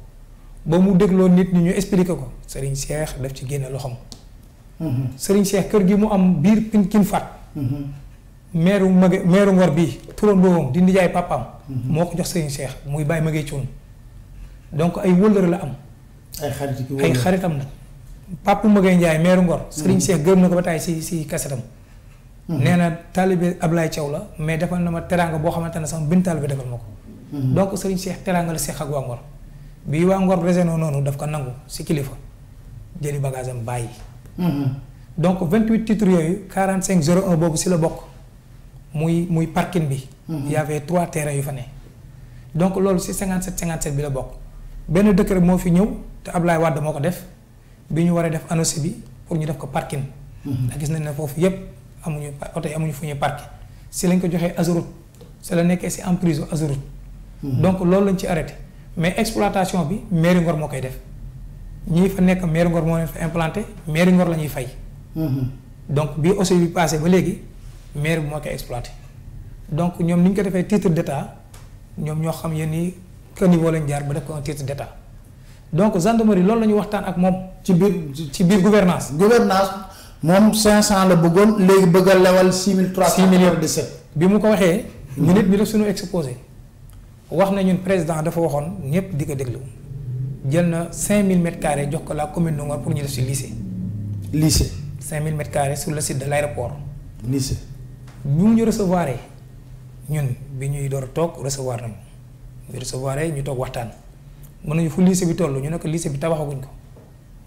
B: ba mu dégloo nit ñi ñu expliquer ko Serigne Cheikh daf ci génne -hmm. Serigne Cheikh kër gi mu am bir Pinkin Fat mm-hmm. meeru mage meeru ngor bi turandoom di nijaay papam mm-hmm. moo ko jox Serigne Cheikh muy bàyyi magee ciun donc ay wëllëre la am ay xarit ay xaritam la papu magay ndjay meeru ngor mm-hmm. Serigne Cheikh gërëm nako ko ci ci si si kasetam nee na taalibe Ablaye Thiaw la mais defal na ma teranga bo xamantene sama bintal bi defal mako
C: ko donc
B: Serigne Cheikh teranga la Cheikh ak waa ngor bi wa Ngor non, noonu daf ko nangu ci kilifa jëli bagagem am mm-hmm. donc 28 huit titres yooyu quarante cinq zéro la euros, muy muy parking bi. Mm-hmm. y avait trois terrains donc bi la fi te Ablaye wad a def bi def bi pour ñu def ko parking. Mm-hmm. ndax gis nañ ne foofu amuñu auto amuñu fu parking si lañ ko Azurut c'est la ci en Azurut. donc lañ ci arrêté mais exploitation bi mairie Ngor mo koy def ñi fa nek mairie Ngor mo leen fa implanté mairie Ngor lañuy ñuy fay. Mhm. donc bi aussi bi passé ba légui mairie mo moo koy exploité donc ñom niñ ko defee titre d'état ñom ño xam yéen ni que niveau lañ jaar ba def ko un titre d'état donc gendarmerie loolu la waxtaan ak mom ci biir ci biir gouvernance gouvernance mom 500 la bëggoon léegi bëgg
A: a lewal 6300. 7
B: bi mu ko waxee. ñu nit ñu def suñu exposé wax na ñun président dafa waxoon ñëpp di ko déglu jël na 5000 mètres carrés jox ko la commune de Ngor pour ñu def si lycée. lycée. 5000 mètres carrés sur le site de l' aéroport. lycée. ñu ñu recevoir ñun bi ñuy door toog recevoir nañu ñu recevoir ñu toog waxtaan mën fu lycée bi toll ñu ne ko lycée bi tabaxaguñ ko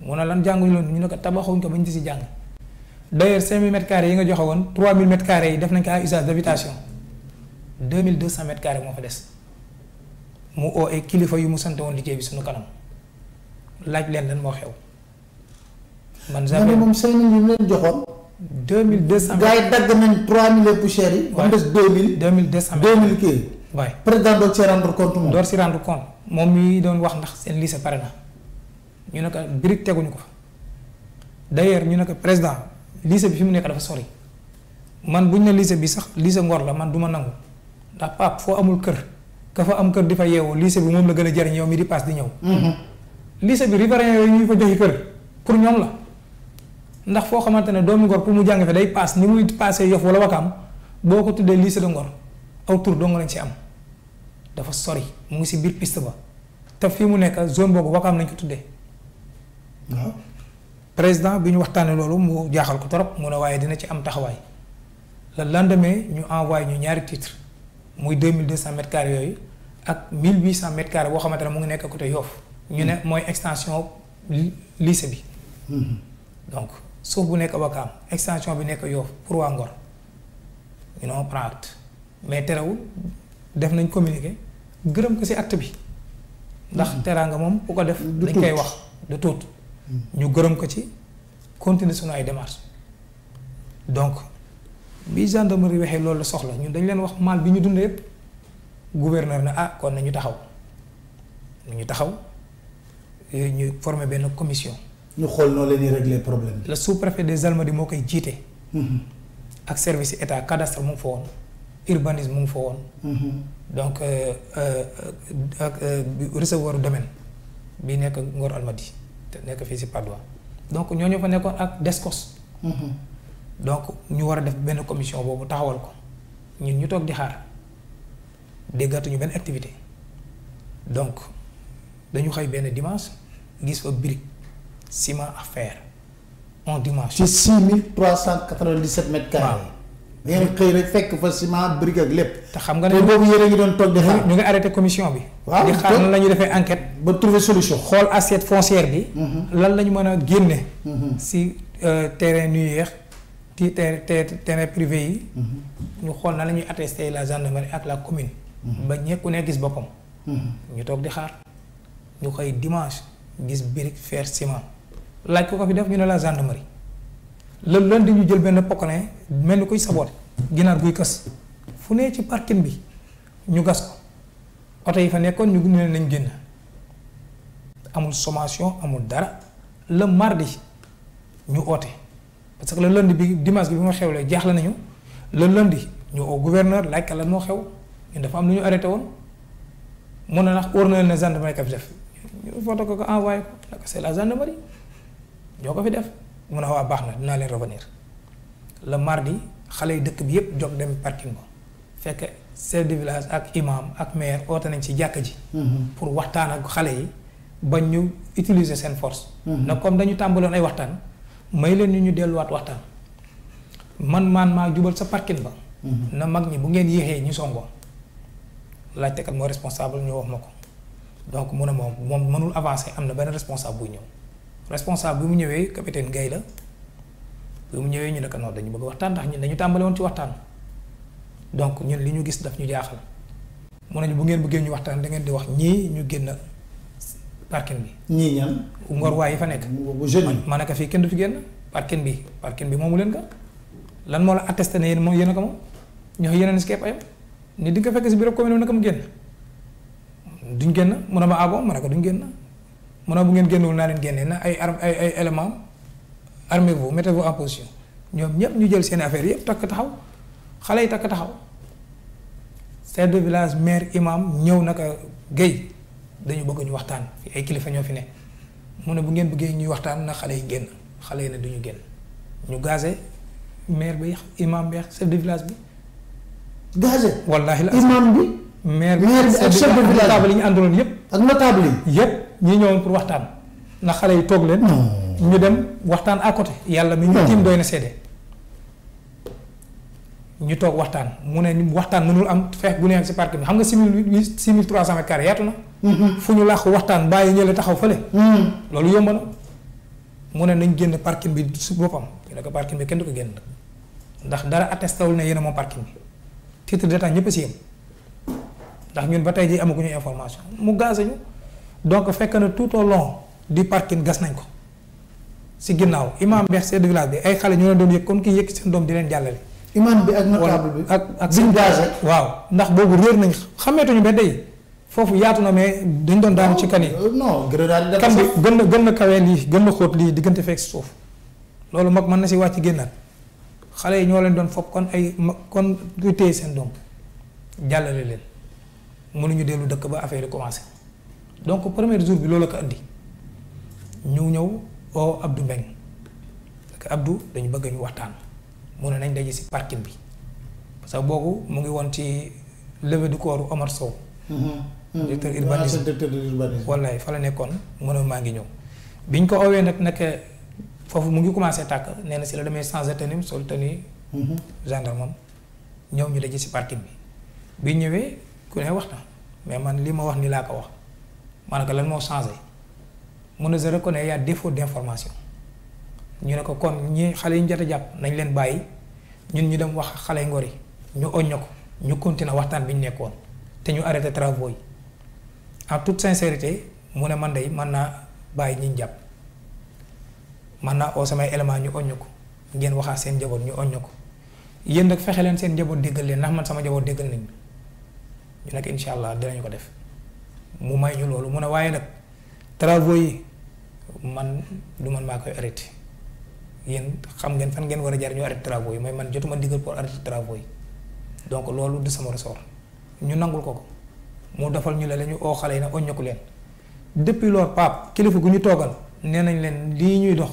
B: mu ne lan jànguñu loon ñu ne ko tabaxaguñ ko ba di si jàng. d' ailleurs 5000 mètres carrés yi nga joxe woon 3000 mètres carrés yi def nañ ko à usage d' habitation 2200 mètres carrés moo fa des. mu oo ay kilifa yu mu sant woon liggéey bi sunu kanam laaj leen lan mo xew. man jamais moom cinq mille yi mu leen joxoon. deux mille deux nañ 3000 pour cher yi. ba dess 2000 2200 2000 ke way cent deux mille président doog si rendre compte moom. door rendre compte mom mi doon wax ndax sen lycée pare na ñu naka brique teguñu ko ñu naka président lycée bi fimu nekk dafa sori man buñ ne lycée bi sax lycée Ngor la man duma nangu ndax Pape amul kër dafa am kër difa fa lycée bi mom la gëna jarign yow mi di pass di ñew mm-hmm. lycée bi riverain yoy ñu fa joxe kër pour ñom la ndax fo xamantene doomi ngor pour mu jàng fe day pass ni muy passé yof wala wakam boko tuddé lycée de ngor aw tour do nga lañ ci am dafa sori mu ngi ci biir piste ba te fi mu nekk zone boobu wakam lañ ko tuddé président bi ñu waxtaanee loolu mu jaaxal ko torop mu ne waaye dina ci am taxawaay le lendemain ñu envoyé ñu ñaari titre muy 2200 mètres carrés yooyu. ak 1800 mètres carrés boo xamante ne mu ngi nekk côté Yoff ñu ne mooy extension lycée bi. Mm-hmm. donc suuf bu nekk Wakaam extension bi nekk Yoff pour waa Ngor ñu noo prend acte mais terewul def nañ communiqué gërëm ko ci acte bi. ndax mm-hmm. teraanga moom ku ko def. dañ koy wax de tuut.
C: Mm-hmm.
B: ñu gërëm ko ci continuer sunu ay démarches donc bi gendarmerie waxee loolu la soxla ñun dañ leen wax mal bi ñu dund yëpp gouverneur na ah kon nañu taxaw nañu taxaw eh, ñu formé benn commission.
A: ñu xool noo leen di régler problème bi.
B: le sous-préfet des Almadies moo koy jiite. Mhm. ak service état cadastre mu ngi fa woon urbanisme mu ngi fa woon. Mhm. donc euh, euh, ak euh, recevoir domaine bi nekk Ngor Almadies te nekk fii si Patte d'Oie donc ñooñu fa nekkoon ak Descos. Mhm. donc ñu war a def benn commission boobu taxawal ko ñun ñu toog di xaar déggatuñu benn activité donc dañu xëy benn dimanche gis fa brique ciment à fer on dimanche. ci six mille trois cent quatre-vingt-dix-sept mètres carrés. ngeen xëy rek fekk fa ciment brique ak lépp. te xam nga ne boobu yéen a ngi doon toog di xaar. ñu ngi arrêté commission bi. waaw di xaar nan la ñuy defee enquête. ba trouver solution. xool assiette foncière bi. Mhm. lan lañu ñu mën a génne. Mhm. si euh, terrain nu yeex ci terrain terrain privé yi. Mhm. ñu xool nan la ñuy attesté la gendarmerie ak la commune. Mm-hmm. ba ñëpp ku ne gis boppam. Mm-hmm. ñu toog di xaar ñu xëy dimanche gis brique fer ciment. laaj ko ko fi def ñu ne la gendarmerie. le lundi ñu jël benn pokone mel ni kuy saboot. ginaar guy kas fu ne ci parking bi ñu gas ko oto yi fa nekkoon ñu ne nañ génn amul sommation amul dara le mardi ñu oote parce que le bi dimanche bi bi ma xewlee jaaxle nañu le lundi ñu au gouverneur laaj ka lan moo xew. dafa am lu ñu arrêté woon mun na ndax wóor na leen ne gendarmerie ka def ñu foto ko ko envoyé ko naka c'est la gendarmerie ñoo ko fi def mun a waa baax na dinaa leen revenir le mardi xale yi dëkk bi yëpp jóg dem parking ba fekk chef de village ak imam ak maire oote nañ ci jàkka ji. Mm-hmm. pour waxtaan ak xale yi ba ñu utiliser seen force. Mm-hmm. na comme dañu tàmbaloon ay waxtaan may leen ñu ñu delluwaat waxtaan man man maa jubal sa parking ba. Mm-hmm. na mag ñi bu ngeen yéexee ñu songoon laajte kat responsable ñu wax ma donc mu ne moom moom mënul avancer am na responsable buy responsable bi mu capitaine Guèye la bi mu ñëwee ñu ne ko dañu bëgg waxtaan dañu ci waxtaan donc ñun li ñu gis daf ñu jaaxal mu ne bu ngeen bëggee ñu waxtaan da ngeen di wax ñii ñu parking bi. ñii ñan. ngor waay fa nekk. ne kenn du fi génn parking bi parking bi moomu leen lan moo la attesté ne yéen ko moom ñoo yéen a ne ni di nga fekk ci biir commune nak naka mu génn duñ genn mu ne ma ah ma ko duñ genn mu ne bu ngeen génnul na leen genné na ay arme ay ay élément armé vous mettez vous en position ñom ñep ñu jël seen affaire yëpp tak taxaw xalé tak taxaw chef de village maire imam ñew naka géy dañu bëgg ñu waxtaan fi ay kilifa ñoo fi ne mu ne bu ngeen bëggee ñuy waxtaan na xalé genn xalé na duñu genn ñu gazé maire bi imam bi chef de village bi gazet wallahi la imam bi maire maire bi ak chef de village table ñu andulon yépp ak notable yi yépp ñi ñëwoon pour waxtaan na xalé yi toog leen ñu dem waxtaan à côté yàlla mi ñu tim doy na seede ñu toog waxtaan mu ne waxtaan mënul am fex bu neex ci parc bi xam nga 6300 mètres carrés yaatu na mm-hmm. fu ñu làq waxtaan bàyyi ñële taxaw fële mm-hmm. loolu yomb na mu ne nañ génn parking bi su boppam ñu ne ko parking bi kenn du ko génn ndax dara attesté ne yéen moom parking bi titre d'état ñëpp si yam ndax ñun ba tey ji ñu information mu gazé ñu donc fekk na tout au long di parking gas nañ ko si ginnaaw imam bex chef de village bi ay xalé ñu la doon yek comme ki yek seen doom di leen jàllale imam bi ak notable bi ak ak biñ gazé waaw ndax boobu reer nañ xameetuñu ñu day fofu yaatu na mais dañ doon daan ci kan yi non gëna daal kan bi gëna na gën na kawee lii gën na xóot suuf lolu mak man na si wacc génnaat xalé ñoo leen doon fop kon ay kon du téye seen doom jallale leen mënu ñu délu dëkk ba affaire commencé donc premier jour bi loolu ko andi ñu ñëw o Abdou Mbeng ak Abdou dañu bëgg ñu waxtaan mu nañ dajé ci parking bi parce que boobu mu ngi won ci levée du corps Omar Sow. Mm-hmm. directeur mm-hmm. urbanisme wallahi fa la nekkon mu ma ngi ñëw biñ ko owee nak naka foofu mu ngi commencé tàkk nee na si la demee sans tenue sol tenue mhm. gendarme ñëw ñu daje si parking bi bi ñëwee ku ne wax mais man lii ma wax ni laa ko wax ma ne lan moo changé mun na je reconnais y a défaut d'information ñu ne ko kon ñi xale yi ñu jot jàpp nañ leen bàyyi ñun ñu dem wax xale ngor yi ñu oñño ko ñu continuer waxtaan bi ñu nekkoon te ñu arrêté travaux yi en toute sincérité mu ne man day mën naa bàyyi ñi ñu jàpp. man naa oo samay élément ñu oññ ko ngeen waxaat seen njaboot ñu oññ ko yéen nag fexe leen seen njaboot déggal leen ndax man sama njaboot déggal nañ ñu nag incha allah dinañu ko def mu may ñu loolu mu a waaye nag travaux yi man du man maa koy arrêté yéen xam ngeen fan ngeen war a jaar ñu arrêté travaux yi mooy man jotuma ndigal pour arrêté travaux yi donc loolu du sama ressort ñu nangul ko ko mu defal ñu la la ñu oo xale yi ne oññaku leen depuis lool Pape kilifa gu ñu toogal nee nañ leen lii ñuy dox.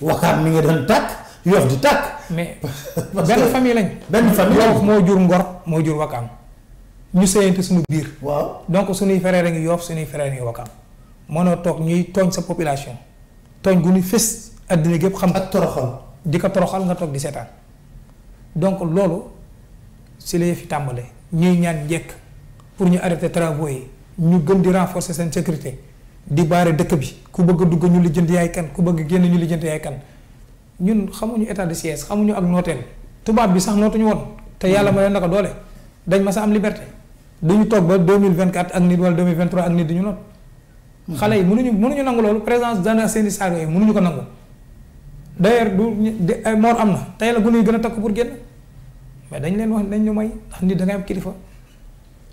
B: wakaam mi nga doon tàkk yof di tàkk. mais benn famille lañ. benn famille yow moo jur ngor moo jur wakaam ñu sëyante suñu biir. waaw donc suñuy frère a ngi yoof suñuy frère a ngi wakaam mënoo toog ñuy tooñ sa population tooñ gu ñu fés àddina gépp xam. ak toroxal di ko toroxal nga toog di seetaan donc loolu si lay fi yi tàmbalee ñuy ñaan njëkk pour ñu arrêter travaux yi ñu gën di renforcer seen sécurité di baare dëkk bi ku bëgg dugg ñu jënd yaay kan ku bëgg génn ñu jënd yaay kan ñun xamuñu état de siège xamuñu ak notel tubaab bi sax nootuñu won te yalla mayon naka doole dañ ma sa am liberté duñu tok ba 2024 ak nit wala 2023 ak nit duñu not xalé yi mënuñu mënuñu nangul lolu présence dana seeni saar yooyu mënuñu ko nangul d'ailleurs du ay mor am na la gune yi tak pour génn mais dañ leen wax dañ ñu may ndax nit da ngay am kilifa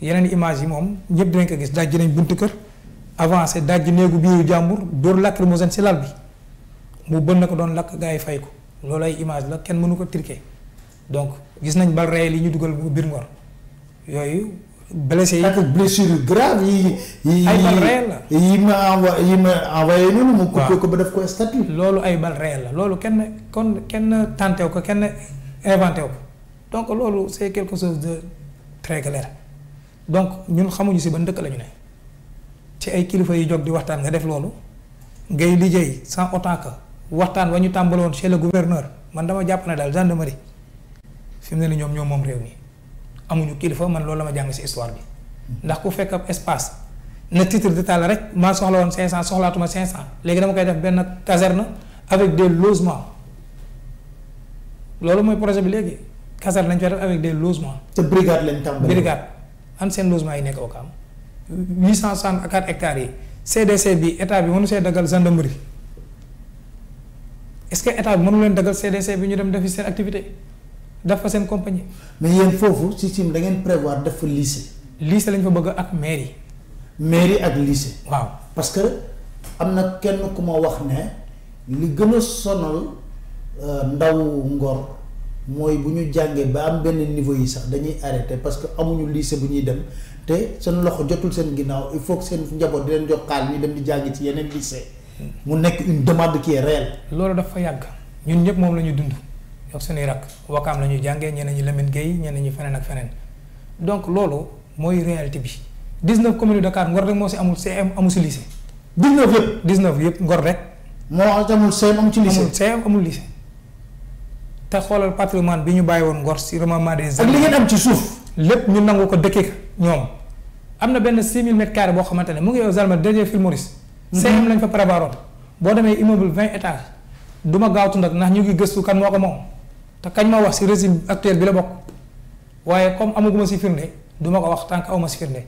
B: yeneen image yi moom ñëpp dinañ ko gis daj nañ buntu kër avancé daj néegu biiru jàmbur dóor lacrymogène si lal bi mu bën na ko doon lakk gars yi fay ko loolu ay image la kenn mënu ko triqué donc gis nañ bal réel yi ñu dugal biir Ngor yooyu blessé yi ak blessure grave yi yi ay bal réel la yi ma envoyé yi ma envoyé noonu mu coupé ko ba def ko statut loolu ay bal réel la loolu kenn kon kenn tenté ko kenn inventé ko donc loolu c'est quelque chose de très clair donc ñun xamuñu si ban dëkk lañu ci ay kilifa di waxtaan nga def ngay sans autant que waxtaan wa ñu chez le gouverneur man dama jàpp ne gendarmerie ne ni ñoom amuñu kilifa man la ma jàng histoire bi ndax ku fekk espace titre d'état rek soxla woon 500 soxlaatuma 500 dama koy def caserne avec des logements projet bi caserne def avec des logements. te brigade brigade. an sen logement yi nekk okam 864 hectare yi CDC bi état bi mënu see dagal gendarmerie est-ce que état bi mënu leen dagal CDC bi ñu dem defi seen activité def fa seen compagnie. mais yéen foofu si tim da ngeen prévoir def fa lycée. lycée lañ fa bëgg ak mairie.
A: mairie ak lycée. waaw parce que am na kenn ku ma wax ne li gën a sonal euh, ndaw ngor moy buñu ñu jàngee ba am benn niveau yi sax dañuy arrêté parce que amuñu lycée bu ñuy dem te seen loxo jotul seen ginnaaw il faut que seen njaboot di leen jox xaal ñu dem di jàngi ci yeneen lycée mu nekk une demande qui est réelle
B: loolu dafa yàgg ñun ñëpp moom la ñu dund yow suñuy rak wakaam la ñuy jàngee ñeneen ñi Lamine gay ñeneen ñi feneen ak feneen donc loolu mooy réalité bi 19 communes de Dakar ngor rek moo si amul CM amul si lycée 19 yëpp 19 yëpp ngor rek moo amul CM amul ci lycée amul CM amul lycée te xoolal patrimoine bi ñu bàyyi woon ngor si remembrement des. ak li ngeen am ci souf lepp ñu nangu ko dëkkee ñoom am na 6000 m2 bo xamantene mu ngi yow Zalma dernier film Maurice. CM mhm. lañ fa prévaroon bo démé immeuble 20 étages duma ma gaawtu nak ndax ñu ngi gëstu kan moko mom ta kañ ma wax ci régime actuel bi la bok waye comme amaguma si firnde du ma ko wax tank awma ci ma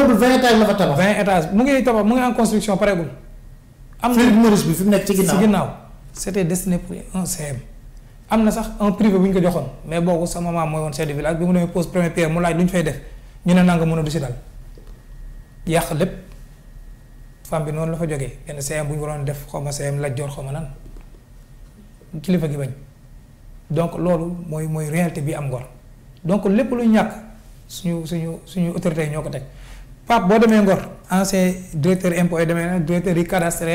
B: immeuble 20 étages la fa tabax. 20 étages mu ngi tabax mu ngi en construction pareegul. am na Maurice bi fi mu nekk ci ginnaw ci ginnaaw c'était destiné pour un CM. amna sax un privé buñ ko joxone mais bogo sama maam moy won chef de village bi mu demee pose premier pierre mu laaj luñ fay def ñu ne nanga mëna du ci dal yaq lepp fam bi non la fa joggé ben CM buñ waron def xoma CM la jor xoma nan kilifa gi bañ donc lolu moy moy réalité bi am ngor donc lepp lu ñak suñu suñu suñu autorité ñoko tek pap bo Pape ngor ancien directeur impôt yi demee na directeur du cadastre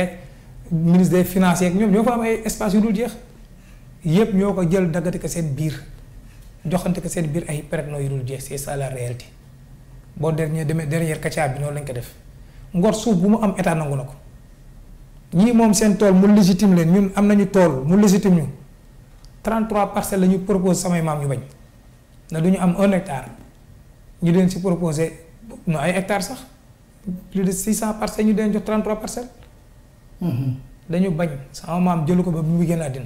B: ministre des finances ak ñom ñofa am ay espace yu dul jeex yëpp ñoo ko jël dagati ko seen biir joxante ko seen biir ay prétendants yu dul jeex c'est ça la réalité boo dernier demee dernière kacaab bi noonu lañ ko def ngor suuf bu mu am état nangu na ko ñii moom seen tool mu légitime leen ñun am nañu tool mu légitime ñu 33 parcelles la ñu proposé samay maam ñu bañ na duñu am 1 hectare ñu leen si proposé no ay hectare sax plus de 600 parcelles ñu leen jox 33 parcelles. Mm-hmm. dañu bañ sama maam jëlu ko ba bu mu génn àddina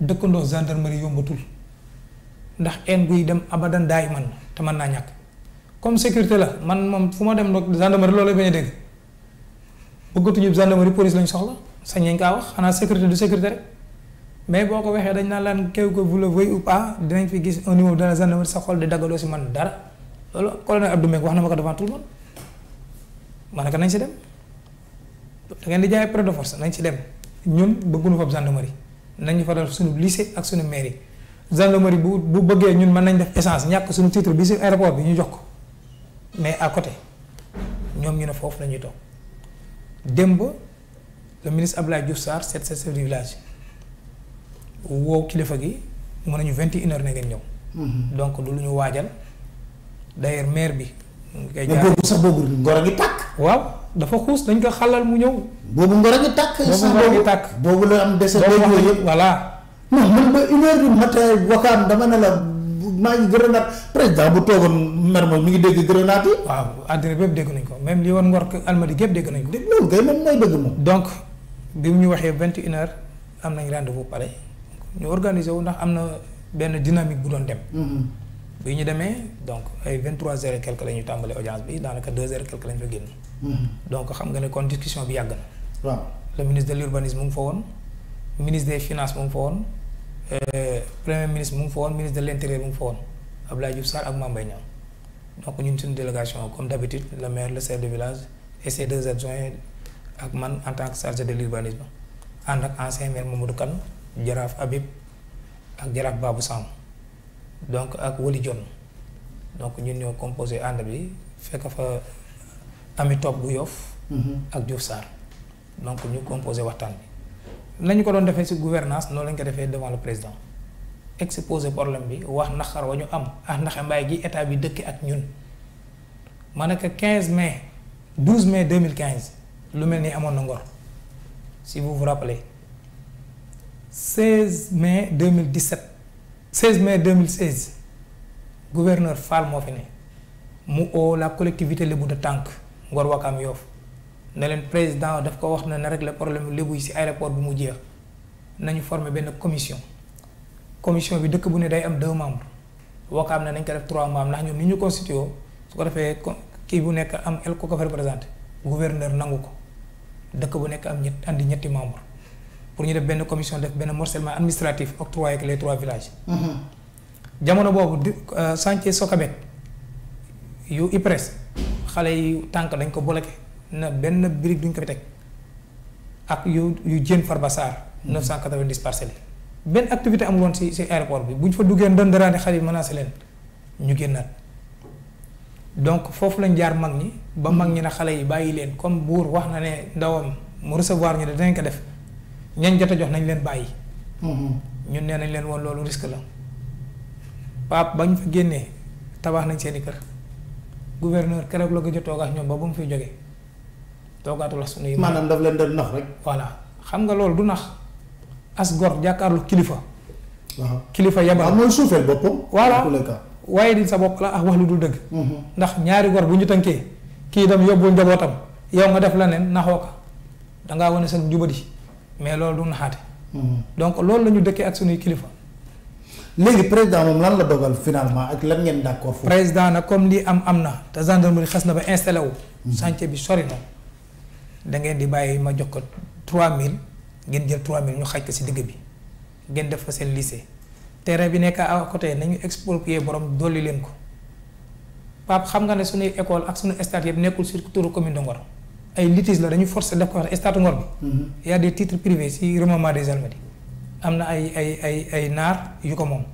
B: dëkkandoo gendarmerie yombatul ndax en buy dem abadan daay man te man naa ñàkk comme sécurité la man moom fu ma dem gendarmerie loolu bañ a dégg bëggatuñu gendarmerie police lañ soxla sañ nañ kaa wax xanaa sécurité du sécurité rek mais boo ko waxee dañ naan laan kew ko vous le veuille ou pas dinañ fi gis un niveau de la gendarmerie sa xol di dagaloo si man dara loolu colonel Abdou Mbengue wax na ma ko devant tout le monde ma ne ko nañ si dem da ngeen di jaay près de force nañ si dem ñun bëgguñu fab gendarmerie nañu fa def suñu lycée ak suñu mairie gendarmerie bu bu bëggee ñun mën nañ def essence ñàkk suñu titre bi si bi ñu jox ko mais à côté ñoom ñu ne foofu lañuy ñuy toog démb le ministre Abdoulaye Diouf Sarr seet seet chef du village woow kilifa gi mën nañu vingt et une heures na ngeen ñëw. Mhm. donc du lu ñu waajal d'ailleurs maire bi. mu ngi koy jaar boobu sax boobu tàkk. waaw. dafa xuus dañ ko xalal mu ñëw boobu ngoro gi tàkk boobu ngoro
A: gi tàkk boobu la am dese léegi yooyu yëpp voilà non man ba une heure du matin wakaam dama
B: ne la maa ngi grenade président bu toogoon mer moom mi ngi dégg grenade yi waaw àddina bépp dégg nañ ko même li woon ngor almadi gépp dégg nañ ko dégg loolu kay moom mooy dëgg moom donc bi mu ñu waxee vingt une heure am nañ rendez vous pare ñu organiser wu ndax am na benn dynamique bu doon dem mm-hmm. bi ñu demee donc ay vingt trois heures et quelque la ñu tàmbali audience bi daanaka deux heures quelque lañ fa génn Mm-hmm. donc nous nga une kon discussion bi le ministre de l'Urbanisme, le ministre des finances le euh, le premier ministre le ministre de l'intérieur nous avons une Abdoulaye Diouf donc délégation comme d'habitude, le maire le chef de village et ses deux adjoints ak en tant que chargé de l'urbanisme En ak ancien maire Mamadou Kane et Habib ak Babou Sam donc ak Wali John. donc nous avons composé Ami Top bu mhm. ak Diouf Sarr donc ñu composé watan. bi nañu ko doon defee ci gouvernance nous lañ ko defee devant le président exposé problème bi wax naxar wa ñu am ah ndax mbaay gi état bi dëkk ak ñun ma ne 15 mai 12 mai 2015 lu mel ni amoon ngor si vous vous rappelez 16 mai 2017 16 mai 2016 gouverneur Fall m'a fi ne mu la collectivité de Tank. Ngor Wakaam Yoff ne leen président daf ko wax na na régler problème lébu yi si aéroport bu mu jeex nañu former benn commission commission bi dëkk bu ne day am deux membres Wakaam na nañ ko def trois membres ndax ñoom ni ñu constitué woo su ko defee kii bu nekk am el ko ko fa représenté gouverneur nangu ko dëkk bu nekk am ñet andi ñetti membres pour ñu def benn commission def benn morcellement administratif octroyer les trois villages. Mm-hmm. jamono boobu di euh, chantier Sokabek yu IPRES. xalé yi tank dañ ko bloqué na benn brique duñ ko tek ak yu yu jeen far saar 990 hmm. parcelles yi benn activité am won si ci aéroport bi buñ fa duggé ndon daraani xale yi menacé leen ñu génnaat donc fofu lañ jaar mag ni ba mag ni na xalé yi bayi len comme bour wax na ne ndawam mu recevoir ñu ne dinañ ko def ñañ jotta jox nañ leen bàyyi hmm. ñun nee nañ leen woon risque la pap bañ fa génné tabax nañ seeni kër gouverneur keroog la gëjë a toog ñoom ba bu mu fi jógee toogaatul ak dunah, maanaam daf leen nax rek. voilà xam nga loolu du nax as gor jàkkaarlu kilifa. kilifa yaba am mooy suufeel boppam. voilà waaye di sa bopp la ak ah, wax lu dul dëgg. Mhm. ndax ñaari gor bu ñu tënkee kii dem yóbbu njabootam yow nga def la neen naxoo ko da ngaa wane sa jubadi mais loolu du naxaate. Mhm. donc loolu la ñu dëkkee ak suñuy kilifa. léegi président moom lan la dogal finalement ak lan ngeen d'accord foofu. président nag comme lii am am na te gendarmerie xas na ba installé wu. chantier bi sori na da ngeen di bàyyi ma jox ko 3000 ngeen jël 3000 ñu xaaj ko si digg bi ngeen def ko seen lycée terrain bi nekk à côté nañu exproprier borom dolli leen ko Pape xam nga ne suñuy école ak suñu stade yëpp nekkul sur turu commune de Ngor ay litige la dañu forcer def ko wax stade Ngor bi. y a des titres privés si remembrement des Almadies. am na ay ay ay ay naar yu ko moom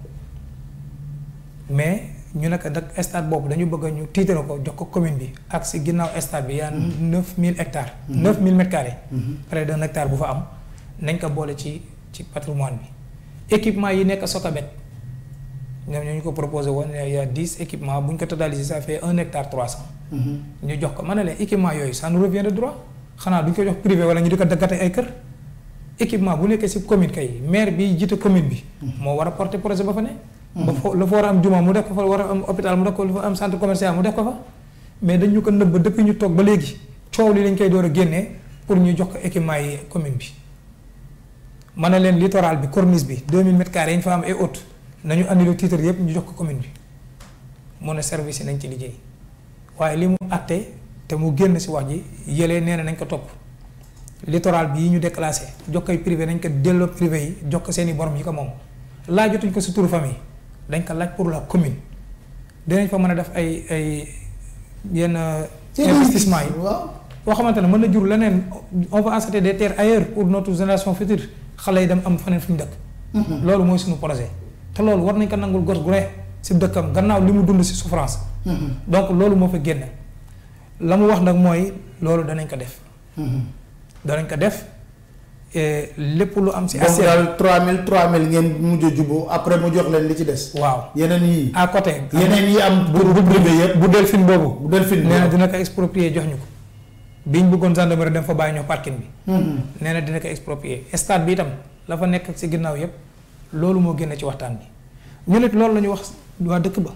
B: mais ñu nekk nag stade boobu dañu bëgg ñu tiitale ko jox ko commune bi ak si ginnaaw stade bi yaa mhm. neuf mille hectares mhm. neuf mille mètres carrés mhm. près d'un hectare bu fa am nañ ko boole ci ci patrimoine bi équipement yi nekk Sokabet ñoom ñu ko proposé woon y a dix équipement bu ñu ko totalisé ça fait un hectare trois cent ñu jox ko ma ne leen équipement yooyu ça nous revient de droit xanaa duñ ko jox privé wala ñu di ko daggate ay kër équipement bu nekkee si commune kay maire bi jiite commune bi. moo war a porter projet ba fa ne. ba fo la fa war a am juma mu def ko fa war a am hôpital mu def ko fa am centre commercial mu def ko fa. mais dañu ko nëbb depuis ñu toog ba léegi coow li lañ koy door a génnee pour ñu jox ko équipement yi commune bi. ma ne leen littoral bi corniche bi 2000 mètres carrés yi ñu fa am ay haute nañu annulé titre yëpp ñu jox ko commune bi mu ne service yi nañ ci liggéey waaye li mu àtte te mu génn si wax ji yëlee nee na nañ ko topp. littoral bi ñu déclassé jokkay privé nañ ko délo privé yi jokk seen borom yi ko moom laajotuñ ko su tour famille dañ ko laaj pour la commune dinañ fa mëna def ay ay yeen investissement yi boo xamantene mëna jur leneen on va acheter des terres ailleurs pour notre génération future xalé yi dem am faneen fuñu dëkk mm-hmm. lolu moy suñu projet té lolu war nañ ko nangul gor gu ci dëkkam gannaaw limu dund ci souffrance mm-hmm. donc lolu mo fa génné lamu mu wax nag mooy loolu danañ ko def mm-hmm. danañ ko def lépp
A: lu am. si assiette mille 3000 mille ngeen mujj a jubóo après mu jox leen li ci des. waaw
B: yeneen yi. à côté yeneen yi am. bu bu yëpp bu delfin boobu. bu delfin boobu nee dina ko exproprier jox ñu ko. biñ bëggoon gendarmerie dem fa bàyyi ñoo parking bi. Hmm. nee na dina ko exproprier stade bi itam la fa nekk si ginnaaw yëpp loolu moo génne ci waxtaan bi ñu nit loolu la ñu wax waa dëkk ba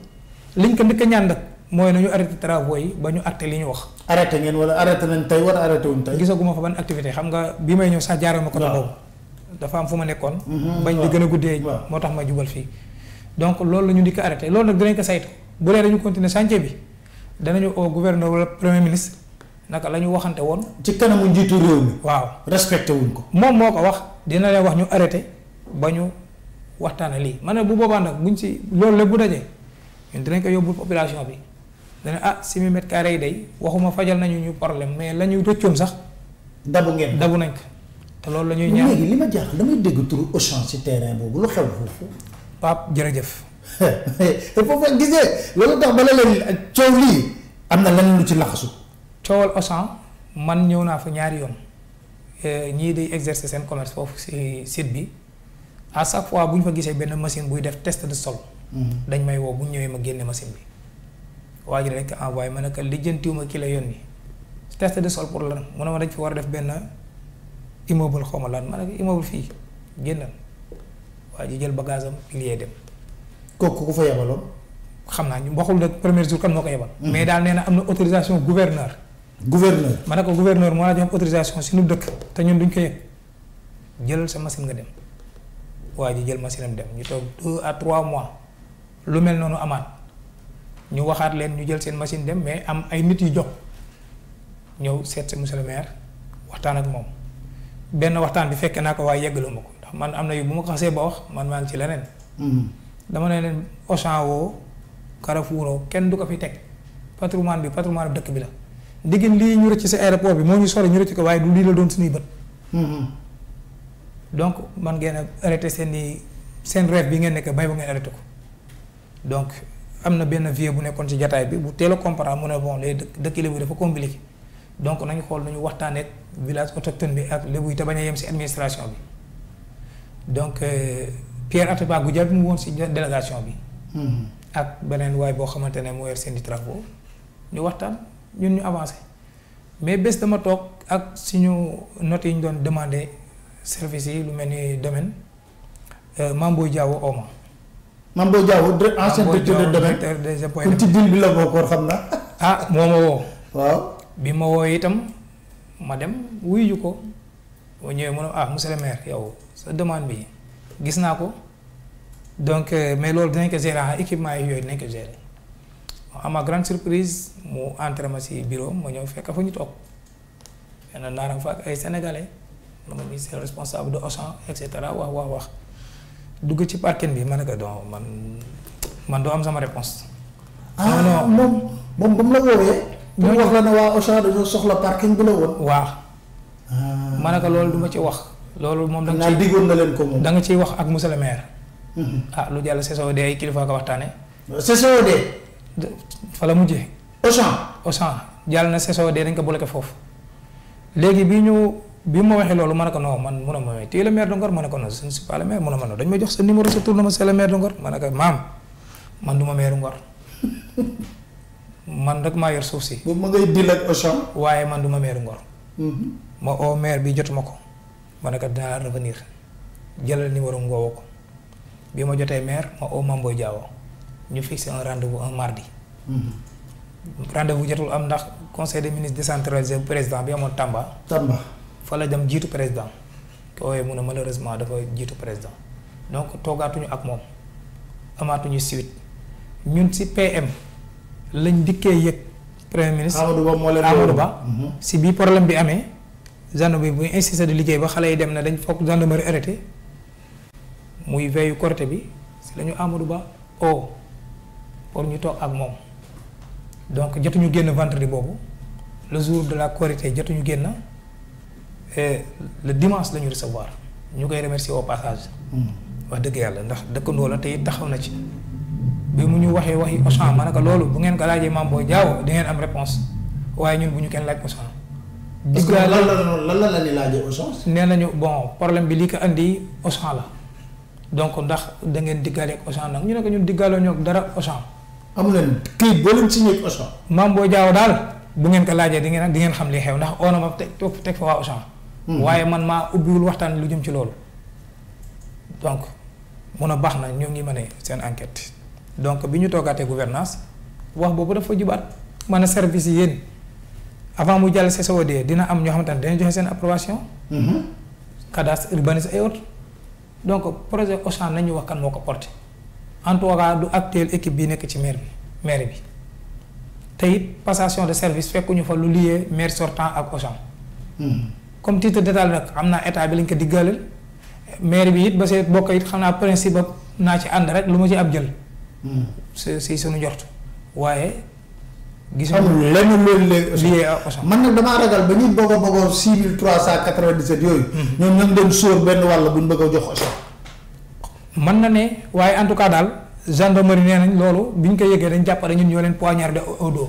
B: liñ ko njëkk ñànd ñaan nag mooy nañu arrêté travaux yi ba ñu àtte li ñu wax. arrêté ngeen wala arrêté nañ tey wala arrêté wuñ tey. gisaguma fa ban activité xam nga bi may ñëw sax jaaroo ko côté boobu. dafa am fu ma nekkoon. mbañ mhm. di gën a guddee. moo tax ma jubal fii. donc loolu la ñu di arrêté loolu nag dinañ ko saytu bu dee dañu continuer chantier bi danañu au gouverneur wala premier ministre naka la ñu waxante woon. ci kanamu njiitu réew mi. waaw respecté wuñ ko. moom moo ko wax dina leen wax ñu arrêté ba ñu waxtaanee lii ma ne bu boobaa nag buñ si loolu bu dajee ñun dinañ ko yóbbul population bi. dana ah simi mètre carré yi day waxuma fajal nañu ñu problème mais la ñu rëccoon sax. dabu ngeen dabu nañ ko te loolu la ñuy
A: ñaan léegi li ma jaaxal damay dégg turu Auchan ci terrain boobu lu xew foofu. Pape jërëjëf. foofu gisee loolu tax bala leen coow am na leneen lu ci laxasu.
B: coowal Auchan man ñëw naa fa ñaari yoon eh, ñii day exercer seen commerce foofu si site bi à chaque fois bu ñu fa gisee benn machine buy def test de sol. Hmm. dañ may woo bu ñu ñëwee ma génnee machine bi. waa ji rek envoyé ka ne ko lijjantiwuma ki la yoni test de sol pour lan mu ma dañ ci war def ben immeuble xoma lan mané immeuble fi gennal waa jël bagage am lié dem. kooku ku fa yebaloon. xamna ñu waxul nag premier jour kan moko ko yebal. Mm-hmm. mais dal néna amna autorisation gouverneur. gouverneur mané ko gouverneur mo la jox autorisation ñu dëkk té ñun duñ ko yëg jël sa machine nga dem waa jël machine am dem ñu tok 2 à 3 mois lu mel nonu amane ñu waxaat leen ñu jël seen machine dem mais am ay nit yu jox ñëw seet si monsieur le maire waxtaan ak moom benn waxtaan bi fekk naa ko waaye yeggaluma ko ndax man am na yu bu ma ko xasee ba wax man maa ngi ci leneen. Mm-hmm. dama ne leen Auchan woo Carrefour kenn du ko fi teg patrimoine bi patrimoine dëkk bi la ndiggin lii ñu rëcc si aéroport bi moo ñu sori ñu rëcc ko waaye du lii la doon suñuy bët. Mm-hmm. donc man ngeen a arrêté seen i seen rêve bi ngeen nekk bay ba ngeen arrêté ko donc amna ben benn bu nekkoon ci jataay bi bu teel a comprendre mu ne bon les dëkk lébu dafa compliqué donc nañu xol nañu waxtane village autochtone bi ak lébu yi te bañ yem ci administration bi donc euh, Pierre Atépa Goudia bi mu won ci délégation bi. Hmm. ak benen way bo xamantene mo moo sen di travaux ñu waxtaan ñun ñu avancer mais bes dama tok ak suñu note yi ñu doon demander service yi lu melni domaine euh Mamboy Diawo Oma. man bo jaaw ancien directeur de domaine kon ci dil bi la bokk war xam ah moma wo waaw bi ma wo itam ma dem wuyu ko wo ñewé mu ah monsieur le maire yow sa demande bi gis naa ko donc euh, mais loolu dinañ ko gérer ah équipement yi yooyu ko gérer à ma grande surprise mu entré ma si bureau ma ñëw fekk fa ñu toog benn naaram fa ak ay sénégalais ma mi c'est responsable de Auchan et cetera wax wax wax dugg ci parking bi man ne ko donc man man doo am sama réponse ah non moom moom ba mu la woowee. bu wax la ne waa Auchan dañoo soxla parking bi la woon. waaw. Ah. ma ne ko loolu du ma ci wax. loolu moom da nga ciy ko moom. ciy wax ak monsieur le mhm. ah lu jàll CCOD ay kilifa ko waxtaanee. CCOD. fa la mujjee. Auchan. Auchan jàll na de dañ ko bloqué foofu léegi bi ñu. bi ma waxee loolu ma ne ko non man mun a ma tu es le maire de Ngor ma ne ko non je ne suis maire a ma non dañ ma jox na maire de Ngor ma ne ko maam man du maire Ngor suuf si. boobu ma waaye man du ma maire Ngor. Mhm. ma oo maire bi jotuma ko ma ne ko dinaa revenir jëlal numéro ngoowu ko bi ma jotee maire ma oo Mamboy Diawo ñu fixé un rendez-vous un mardi. Mhm. rendez-vous jotul am ndax conseil des ministres décentralisé président bi amoon Tamba. Tamba. fa la dem jiitu président kooyee mu ne malheureusement dafa jiitu président donc toogaatuñu ak moom amaatuñu suite ñun si PM lañ dikkee yëg premier ministre Amadou Ba mhm. si bii problème bi amee gendarmerie bu ñu insisté di liggéey ba xale yi dem na dañ foog gendarmerie arrêté muy veyu Korité bi si la ñu Ba o pour ñu toog ak moom donc jotuñu génn vendredi boobu le jour de la Korité jotuñu génn et le dimanche la ñu recevoir ñu koy remercier au passage. Hmm. wax dëgg yàlla ndax dëkkandoo la tey taxaw na ci. bi mu ñu waxee waxi Auchan ma ne ko loolu bu ngeen ko laajee maam jaaw di ngeen am réponse waaye ñun bu ñu kenn laaj Auchan. est ce que la lan la ñu nee nañu bon problème bi li ko andi Auchan donc ndax da ngeen diggaale ak Auchan nag ñu ne ko ñun diggaaloo ñoo dara Auchan. amu leen këyit boo leen signé Auchan. maam jaaw daal bu ngeen ko laajee di ngeen di ngeen xam li xew ndax on a ma teg fa waa Auchan. Hmm. waaye man maa ubbiwul waxtaan lu jëm ci loolu. donc mun a baax na ñoo ngi mën seen enquête donc bi ñu toogaatee gouvernance wax boobu dafa jubaat man a service yi yéen avant mu jàll CCOD dina am ñoo xamante ne dañu joxe seen approbation. Hmm. cadastre urbanisme et autres. donc projet Auchan nañu wax kan moo ko porté en tout cas du actuel équipe bi nekk ci maire bi maire bi te it passation de service fekkuñu fa lu lié maire sortant ak Auchan. Hmm. comme titre d'état nak amna état bi lañ ko diggaleel maire bi it ba see bokk it xamna principe na ci and rek luma ci ab jël c'est hmm. sunu jort waye gisou nga lenn loolu léegi lié à Ousmane man nak dama ragal ba hmm. ñu bogo bogo 6397 yoy ñom ñu dem sur ben wall
A: sept bëgg jox Ousmane
B: man na né waye en tout cas dal gendarmerie nee nañ loolu biñ ko yëgee dañ jàppale ñun ñoo leen poignardé au ñu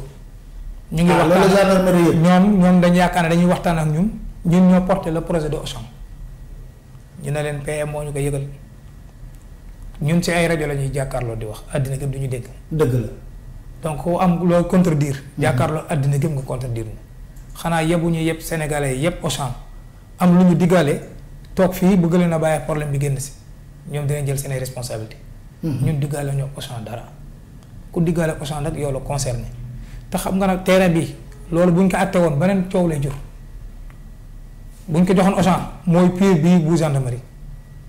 B: ngi wax ah, loolu gendarmerie ñom ñom dañ yaakaar dañuy waxtaan ak ñun ñun ñoo porté le projet de Auchan ñu ne leen PM moo ñu ko yëgal ñun ci ay rajo la ñuy jàkkaarloo di wax àddina gëm du ñu dégg. dëgg la donc am loo contredire. Mm-hmm. jàkkaarloo àddina gëm nga contredire ñu xanaa yebu ñu yëpp sénégalais yëpp Auchan am lu ñu diggaale toog fii bëgg leen a bàyyi problème bi génn si ñoom dinañ jël seen ay responsabilité mm-hmm. ñun diggaale ñoo Auchan dara ku diggaale Auchan nag yow la concerné te xam nga nag terrain bi loolu buñ ko atté woon beneen coow lay jur. buñ ko joxoon Auchan mooy pire bi bu gendarmerie.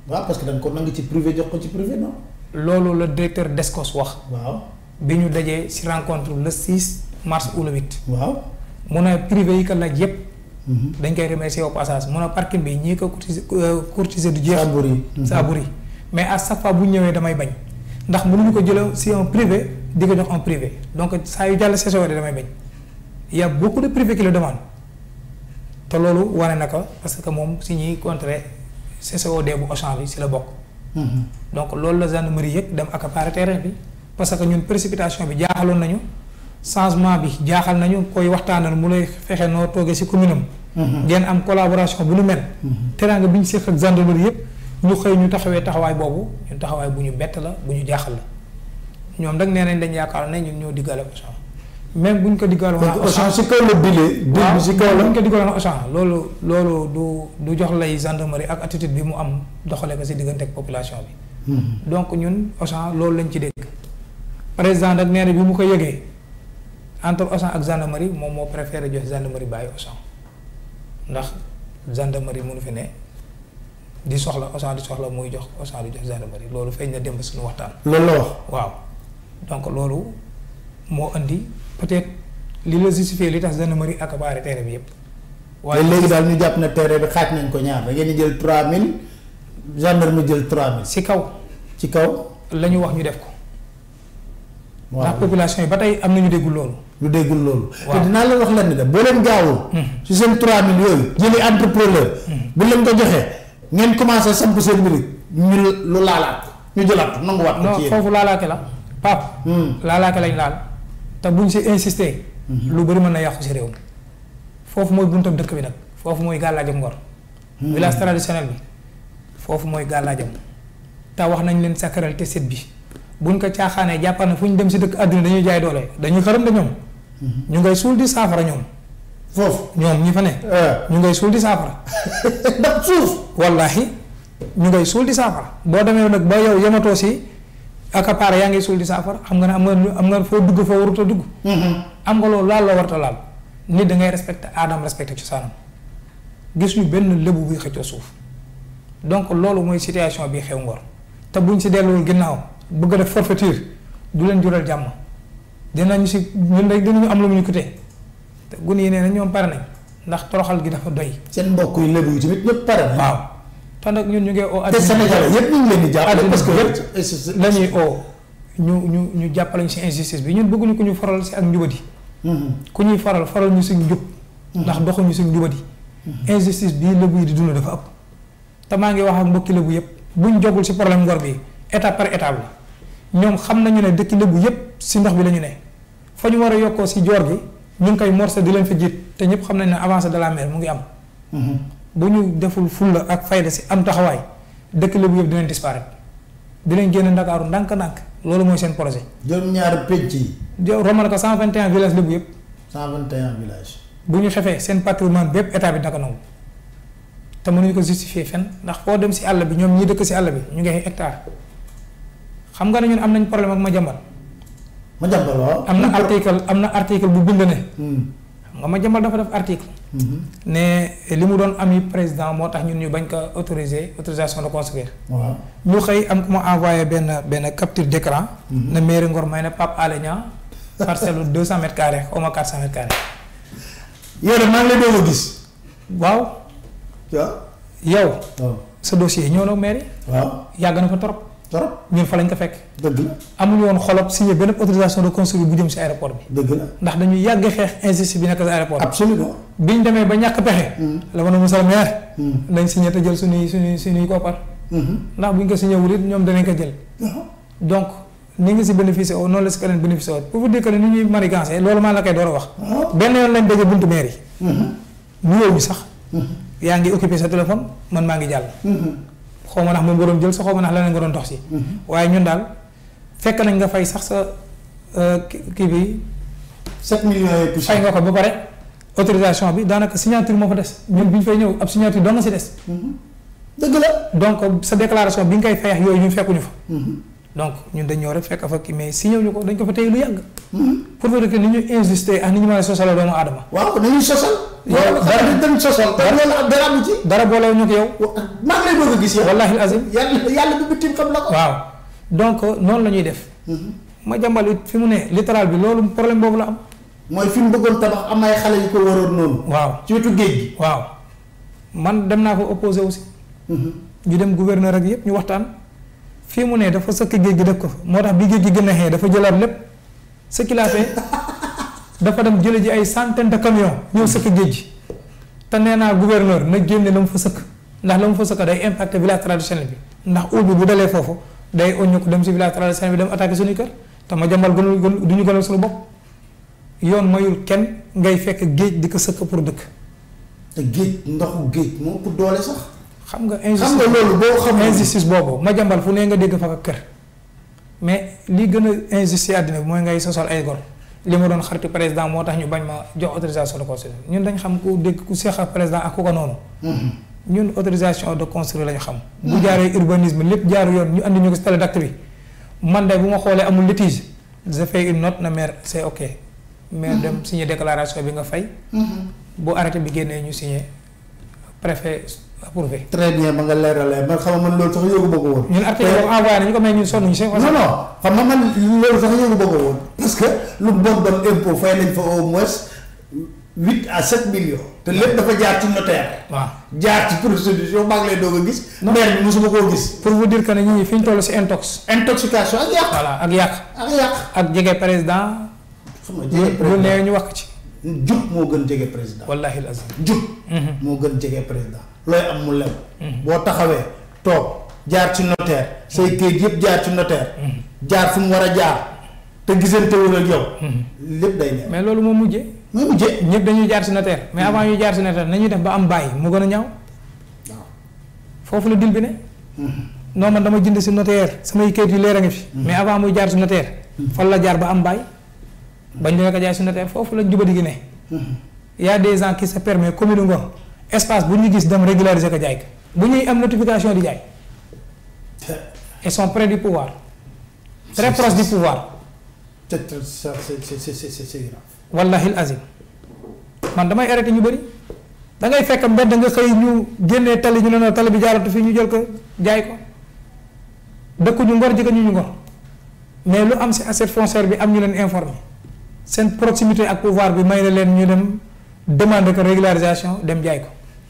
A: waaw parce que dañ ko nangu ci privé jox ko ci privé non.
B: loolu le directeur Descos wax. waaw bi ñu dajee si rencontre le 6 mars ou le 8. waaw mu ne privé yi ko laaj yépp mhm. dañ koy remercier au passage mu ne parking bi ñii ko courtiser euh, du jeex. saabur yi saabur yi mais à chaque fois bu ñu ñëwee damay bañ ndax mënuñu ko jëlee si un privé di ko jox un privé donc saa yu jàll saison damay bañ y' a beaucoup de privé qui le demande. te loolu wane na ko parce que moom si ñuy contrer CCOD bu Auchan bi si la bokk. Mhm. donc loolu la gendarmerie yëg dem accaparer terrain bi parce que ñun précipitation bi jaaxaloon nañu changement bi jaaxal nañu koy waxtaanal mu lay fexe noo toogee si commune am. Mhm. ngeen am collaboration bu nu mel. Mhm. terrain bi ñu seq ak gendarmerie yëpp ñu xëy ñu taxawee taxawaay boobu ñun taxawaay bu ñu bett la bu ñu jaaxal la ñoom nag nee nañ dañ yaakaar ne ñun ñoo diggale Auchan même buñ ko digal waa Auchan si kaw la bile bil bi si la buñ ko digal waa Auchan lolu lolu du du jox lay gendarmerie ak attitude bi mu am doxale ko ci digënté population bi hmm. donc ñun Auchan lolu lañ ci dégg président nak nee bi mu ko yégué entre Auchan ak gendarmerie mom mo préférer jox gendarmerie bàyyi Auchan ndax gendarmerie mu ñu fi né di soxla Auchan di soxla muy jox Auchan di jox gendarmerie lolu feeñ na dem démb suñu waxtaan lolu wax waaw donc lolu mo andi peut-être li la justifier li tax dana mëri akabaare terrain bi yëpp. waaye léegi daal ñu jàpp ne terrain bi xaaj nañ ko ñaar da ngeen jël 3000
A: gendarme jël 3000. si kaw ci kaw. la ñu wax ñu def ko. waaw ndax population yi ba tey am na ñu déggul loolu. ñu déggul loolu. te dinaa leen wax lenn de boo leen gaawul. si hmm. seen 3000 yooyu. jëli entrepreneur. Hmm. bu leen ko joxee ngeen
B: commencé samp seen mbir ñu lu laalaat ñu jëlaat nanguwaat. ko ci yéen non foofu laalaate la pap hmm. laalaate lañ laal. te buñ si insister. Mhm. lu bëri mën na yàqu si réew mi foofu mooy buntam dëkk bi nag foofu mooy gàllaajam ngor. Mhm. village traditionnel bi foofu mooy gàllaajam te wax nañ leen sacral te set bi buñ ko caaxaanee jàppar na fu ñu dem si dëkk àdduna dañuy jaay doole dañuy xaram da ñoom. Mhm. ñu ngay suul di saafara ñoom. foofu ñoom ñi fa ne. Eh. ñu ngay suul di saafara. ndax suuf. wallaahi ñu ngay suul di saafara boo demee nag ba yow yematoo si. aka para ya ngi sul di safar xam nga am nga am nga fo dugg fo warut a dugg. Mm-hmm. am nga loolu la lo warta a ni da ngay adam aadam ci sanam gis ñu ben lebu buy xëccoo suuf donc lolu moy situation bi xew ngor ta buñ ci delu ginnaw bëgg def forfaiture du len jural dina ñu ci ñun rek ñu am lu ñu kuté te gun yi nee na ñoom pare nañ ndax toroxal gi dafa doy. seen mbokk yi lebu yi tamit ñep par waaw kon nag ñun ñu ngi oo te sénégalais yépp ñu ngi leen di jàppale parce que yépp la ñuy ñu ñu ñu injustice bi ñun bëgguñu ñu faral si ak njubadi mhm. ku ñuy faral faral ñu suñ njub ndax doxuñu suñ njubadi mhm. injustice bii di dund dafa ëpp te maa ngi wax ak mbokki lëbu yépp buñ jogul si problème ngor bi étape par étape la xam nañu ne dëkk lëbu yépp si ndox bi la ñu ne fa gi ñu koy di leen te ñëpp xam nañ de la mer mu ngi am mhm. bu ñu deful fulla ak fayda si am taxawaay dëkk la bu yëpp dinañ disparaître dinañ génn Ndakaaru ndànk-ndànk loolu mooy seen projet. juróom ñaar pecc yi. romb na ko 121 villages la bu yëpp. 121 villages. bu ñu xefee seen patrimoine bépp état bi naka nangu te mënuñu ko justifier fen ndax foo dem si àll bi ñoom ñi dëkk si àll bi ñu ngi ay hectare xam nga ne ñun am nañ problème ak ma Madiambal waaw. am na article am na article bu bind ne. Hmm. xam ma Madiambal dafa def article. Mm-hmm. ne li mu doon am yi président moo tax ñun ñu bañ ko autorisé autorisation de construire. waaw xëy am ku ma envoyé benn benn capture d'écran. Mm-hmm. na mairie Ngor na Pape Alé parcelle deux cent mètres carrés xaw ma quatre cent mètres carrés. yow de maa ngi lay doon gis. waaw. yow. sa dossier ñëw na mairie. yàgg na fa trop. torop ñun fa lañ ko fekk dëgg la amuñu woon xolop signé benn autorisation de construire bu jëm si aéroport bi dëgg la ndax dañu yàgg xeex injustice bi nekk si aéroport absolument biñ demee ba ñàkk pexe hmm. la ma ne musal maire nañ signé te jël suñuy suñuy suñuy koppar hmm. ndax buñ ko signé wul it ñoom danañ ko jël donc ni nga si bénéficié oo noonu la si keneen bénéficié oo pour vous dire que ni ñuy marigancé loolu maa la koy door a wax benn yoon lañ daje buntu maire yi hmm. nuyoo bi sax yaa ngi occupé sa téléphone man maa ngi jàll xaw ma ndax moom nga doon jël sa xaw ma ndax leneen nga doon dox si. Mm-hmm. waaye ñun daal fekk nañ nga fay sax sa euh, kii bi. 7 millions et fay nga ko ba pare mm-hmm. autorisation bi daanaka signature moo fa des ñun bi ñu fay ñëw ab signature doo nga si des. Mm-hmm. dëgg la donc sa déclaration bi nga koy fay yooyu ñun fekkuñu fa. donc ñun dañ ñoo fekk fa kii mais si ñëw ñu ko dañ ko fa tey lu yàgg. pour dire que ni ñu insister ak ni ñu mën a sosal doomu aadama. waaw nañu sosal. dara dara dañu sosal. dara dara dara boole ko yow. maa ngi lay gis yow. wallaahi azim yàlla yàlla bi bitim xam la ko. waaw donc noonu la ñuy def. Mhm. ma jàmbal fi mu ne littoral bi loolu problème boobu la am. mooy fi mu bëggoon tabax am ay xale yu ko waroon noonu. waaw ci wetu géej gi. waaw man dem naa ko opposé aussi. Mhm. ñu dem gouverneur rek yëpp ñu waxtaan. fi mu ne dafa sëkk géej gi def ko motax bi géej gi gën a xee dafa jëlaat lépp ce qu'il a fait dafa dem jële ji ay centaine de camion ñëw sëkk géej gi te nee naa gouverneur na génne la mu fa sëkk ndax la mu fa sëkk day impacte village traditionnel bi ndax uul bi bu dalee foofu day oññu ko dem si village traditionnel bi dem attaqué suñu kër te ma jàmbal gënul duñu gënal suñu bopp yoon mayul kenn ngay fekk géej di ko sëkk pour dëkk. te géej ndoxu géej moo pour doole sax. xam nga injustice xam nga loolu boobu ma jàmbal fu ne nga dégg fa kër mais li gën a injustice àddina bi mooy ngay sosal ay gor li ma doon xaritu président moo tax ñu bañ ma jox autorisation de construire ñun dañ xam ku dégg ku seex ak président ak ku ko noonu. Mm-hmm. ñun autorisation de construire la ñu xam. bu mm-hmm. jaaree urbanisme lépp jaaru yoon ñu andi ñu ko si télé d'acte bi man de bu ma xoolee amul litige je fais une note na maire c'est ok. maire mm-hmm. dem signé déclaration bi nga fay. bu arrêté bi génnee ñu signé préfet. approuvé très
A: bien ma nga leeralee man xam nga man loolu sax yëgu bëgg woon. ñun article boobu
B: envoyé nañu ko mais ñun sonn ñu si. non non man loolu
A: sax yëgu bëgg woon. parce que lu bon doon impôt fay nañ fa au huit à sept millions. te lépp dafa jaar ci notaire. waa jaar ci procédure maa ngi lay doog a gis.
B: koo gis. pour vous dire que ne ñi fi ñu toll si intox. intoxication ak yàq. ak yàq. ak ak jege président.
A: xam nga jege président ñu wax ci. jub moo gën jege président. wallaahi lazim jub. Mhm. moo gën jege président. looy am mu lem boo taxawee toog jaar ci notaire say këyit yëpp jaar ci notaire jaar fu mu war a jaar
B: te gisantewul ak yow lépp day neex mais loolu moo mujjee moo mujjee ñëpp dañuy jaar ci notaire mais avant ñuy jaar ci notaire nañuy def ba am bàyyi mu a ñaaw foofu la dil ne mm-hmm. non man dama jënd ci notaire samay këyit yu leer a mm-hmm. mais avant muy jaar ci notaire mm-hmm. fan la jaar ba am bàyyi bañ dina ko jaay ci notaire foofu la di gi ne y des gens qui se permettent espace bu ñu gis dem régulariser ko jaay ko bu ñuy am notification di jaay. ils sont près du pouvoir. très proche du pouvoir. c'est c'est grave. wallahi azim man damay arrêté ñu bëri da ngay fekk mbedd nga xëy ñu génnee tali ñu ne la tali bi jaaratu fii ñu jël ko jaay ko dëkku ñu ngor jëkk ñu ñu ngor mais lu am si assiette foncière bi am ñu leen informé seen proximité ak pouvoir bi may na leen ñu dem demander ko régularisation dem jaay ko.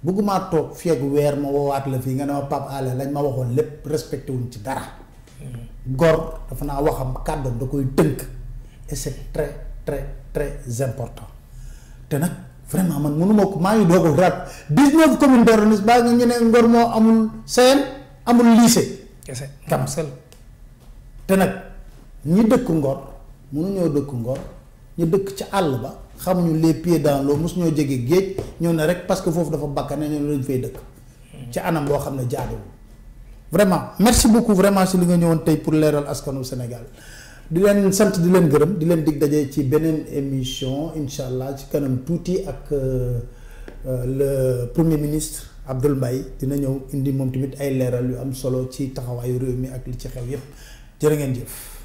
A: bëggumaa toog feegu weer ma woowaat la fii nga ne ma Pape Alé lañ ma waxoon lépp respecté wuñ ci dara gor dafa naa waxam kàddoom da koy tënk et c'est très très très important te nag vraiment man mënuma ko maa ngi doog a rat dix-neuf communes d'arrondissement baa nga ñu ne Ngor moo amul CEM amul lycée kam te nag ñi dëkk Ngor mënuñoo dëkk Ngor ñu dëkk ci àll ba xamuñu les pieds dans l'eau mosu ñoo jege géej ñëw ne rek parce que foofu dafa bakkane ne lañ fay dëkk ci anam boo xam ne jaaduwul vraiment merci beaucoup vraiment si li nga ñëwoon tey pour leeral askanu senegal di leen sant di leen gërëm di leen dig daje ci beneen émission incha allah ci kanam tuuti ak euh, euh, le premier ministre Abdoul Mbaye dina ñëw indi moom tamit ay leeral yu am solo ci taxawaayu réew mi ak li ci xew yépp jërë ngeen jëf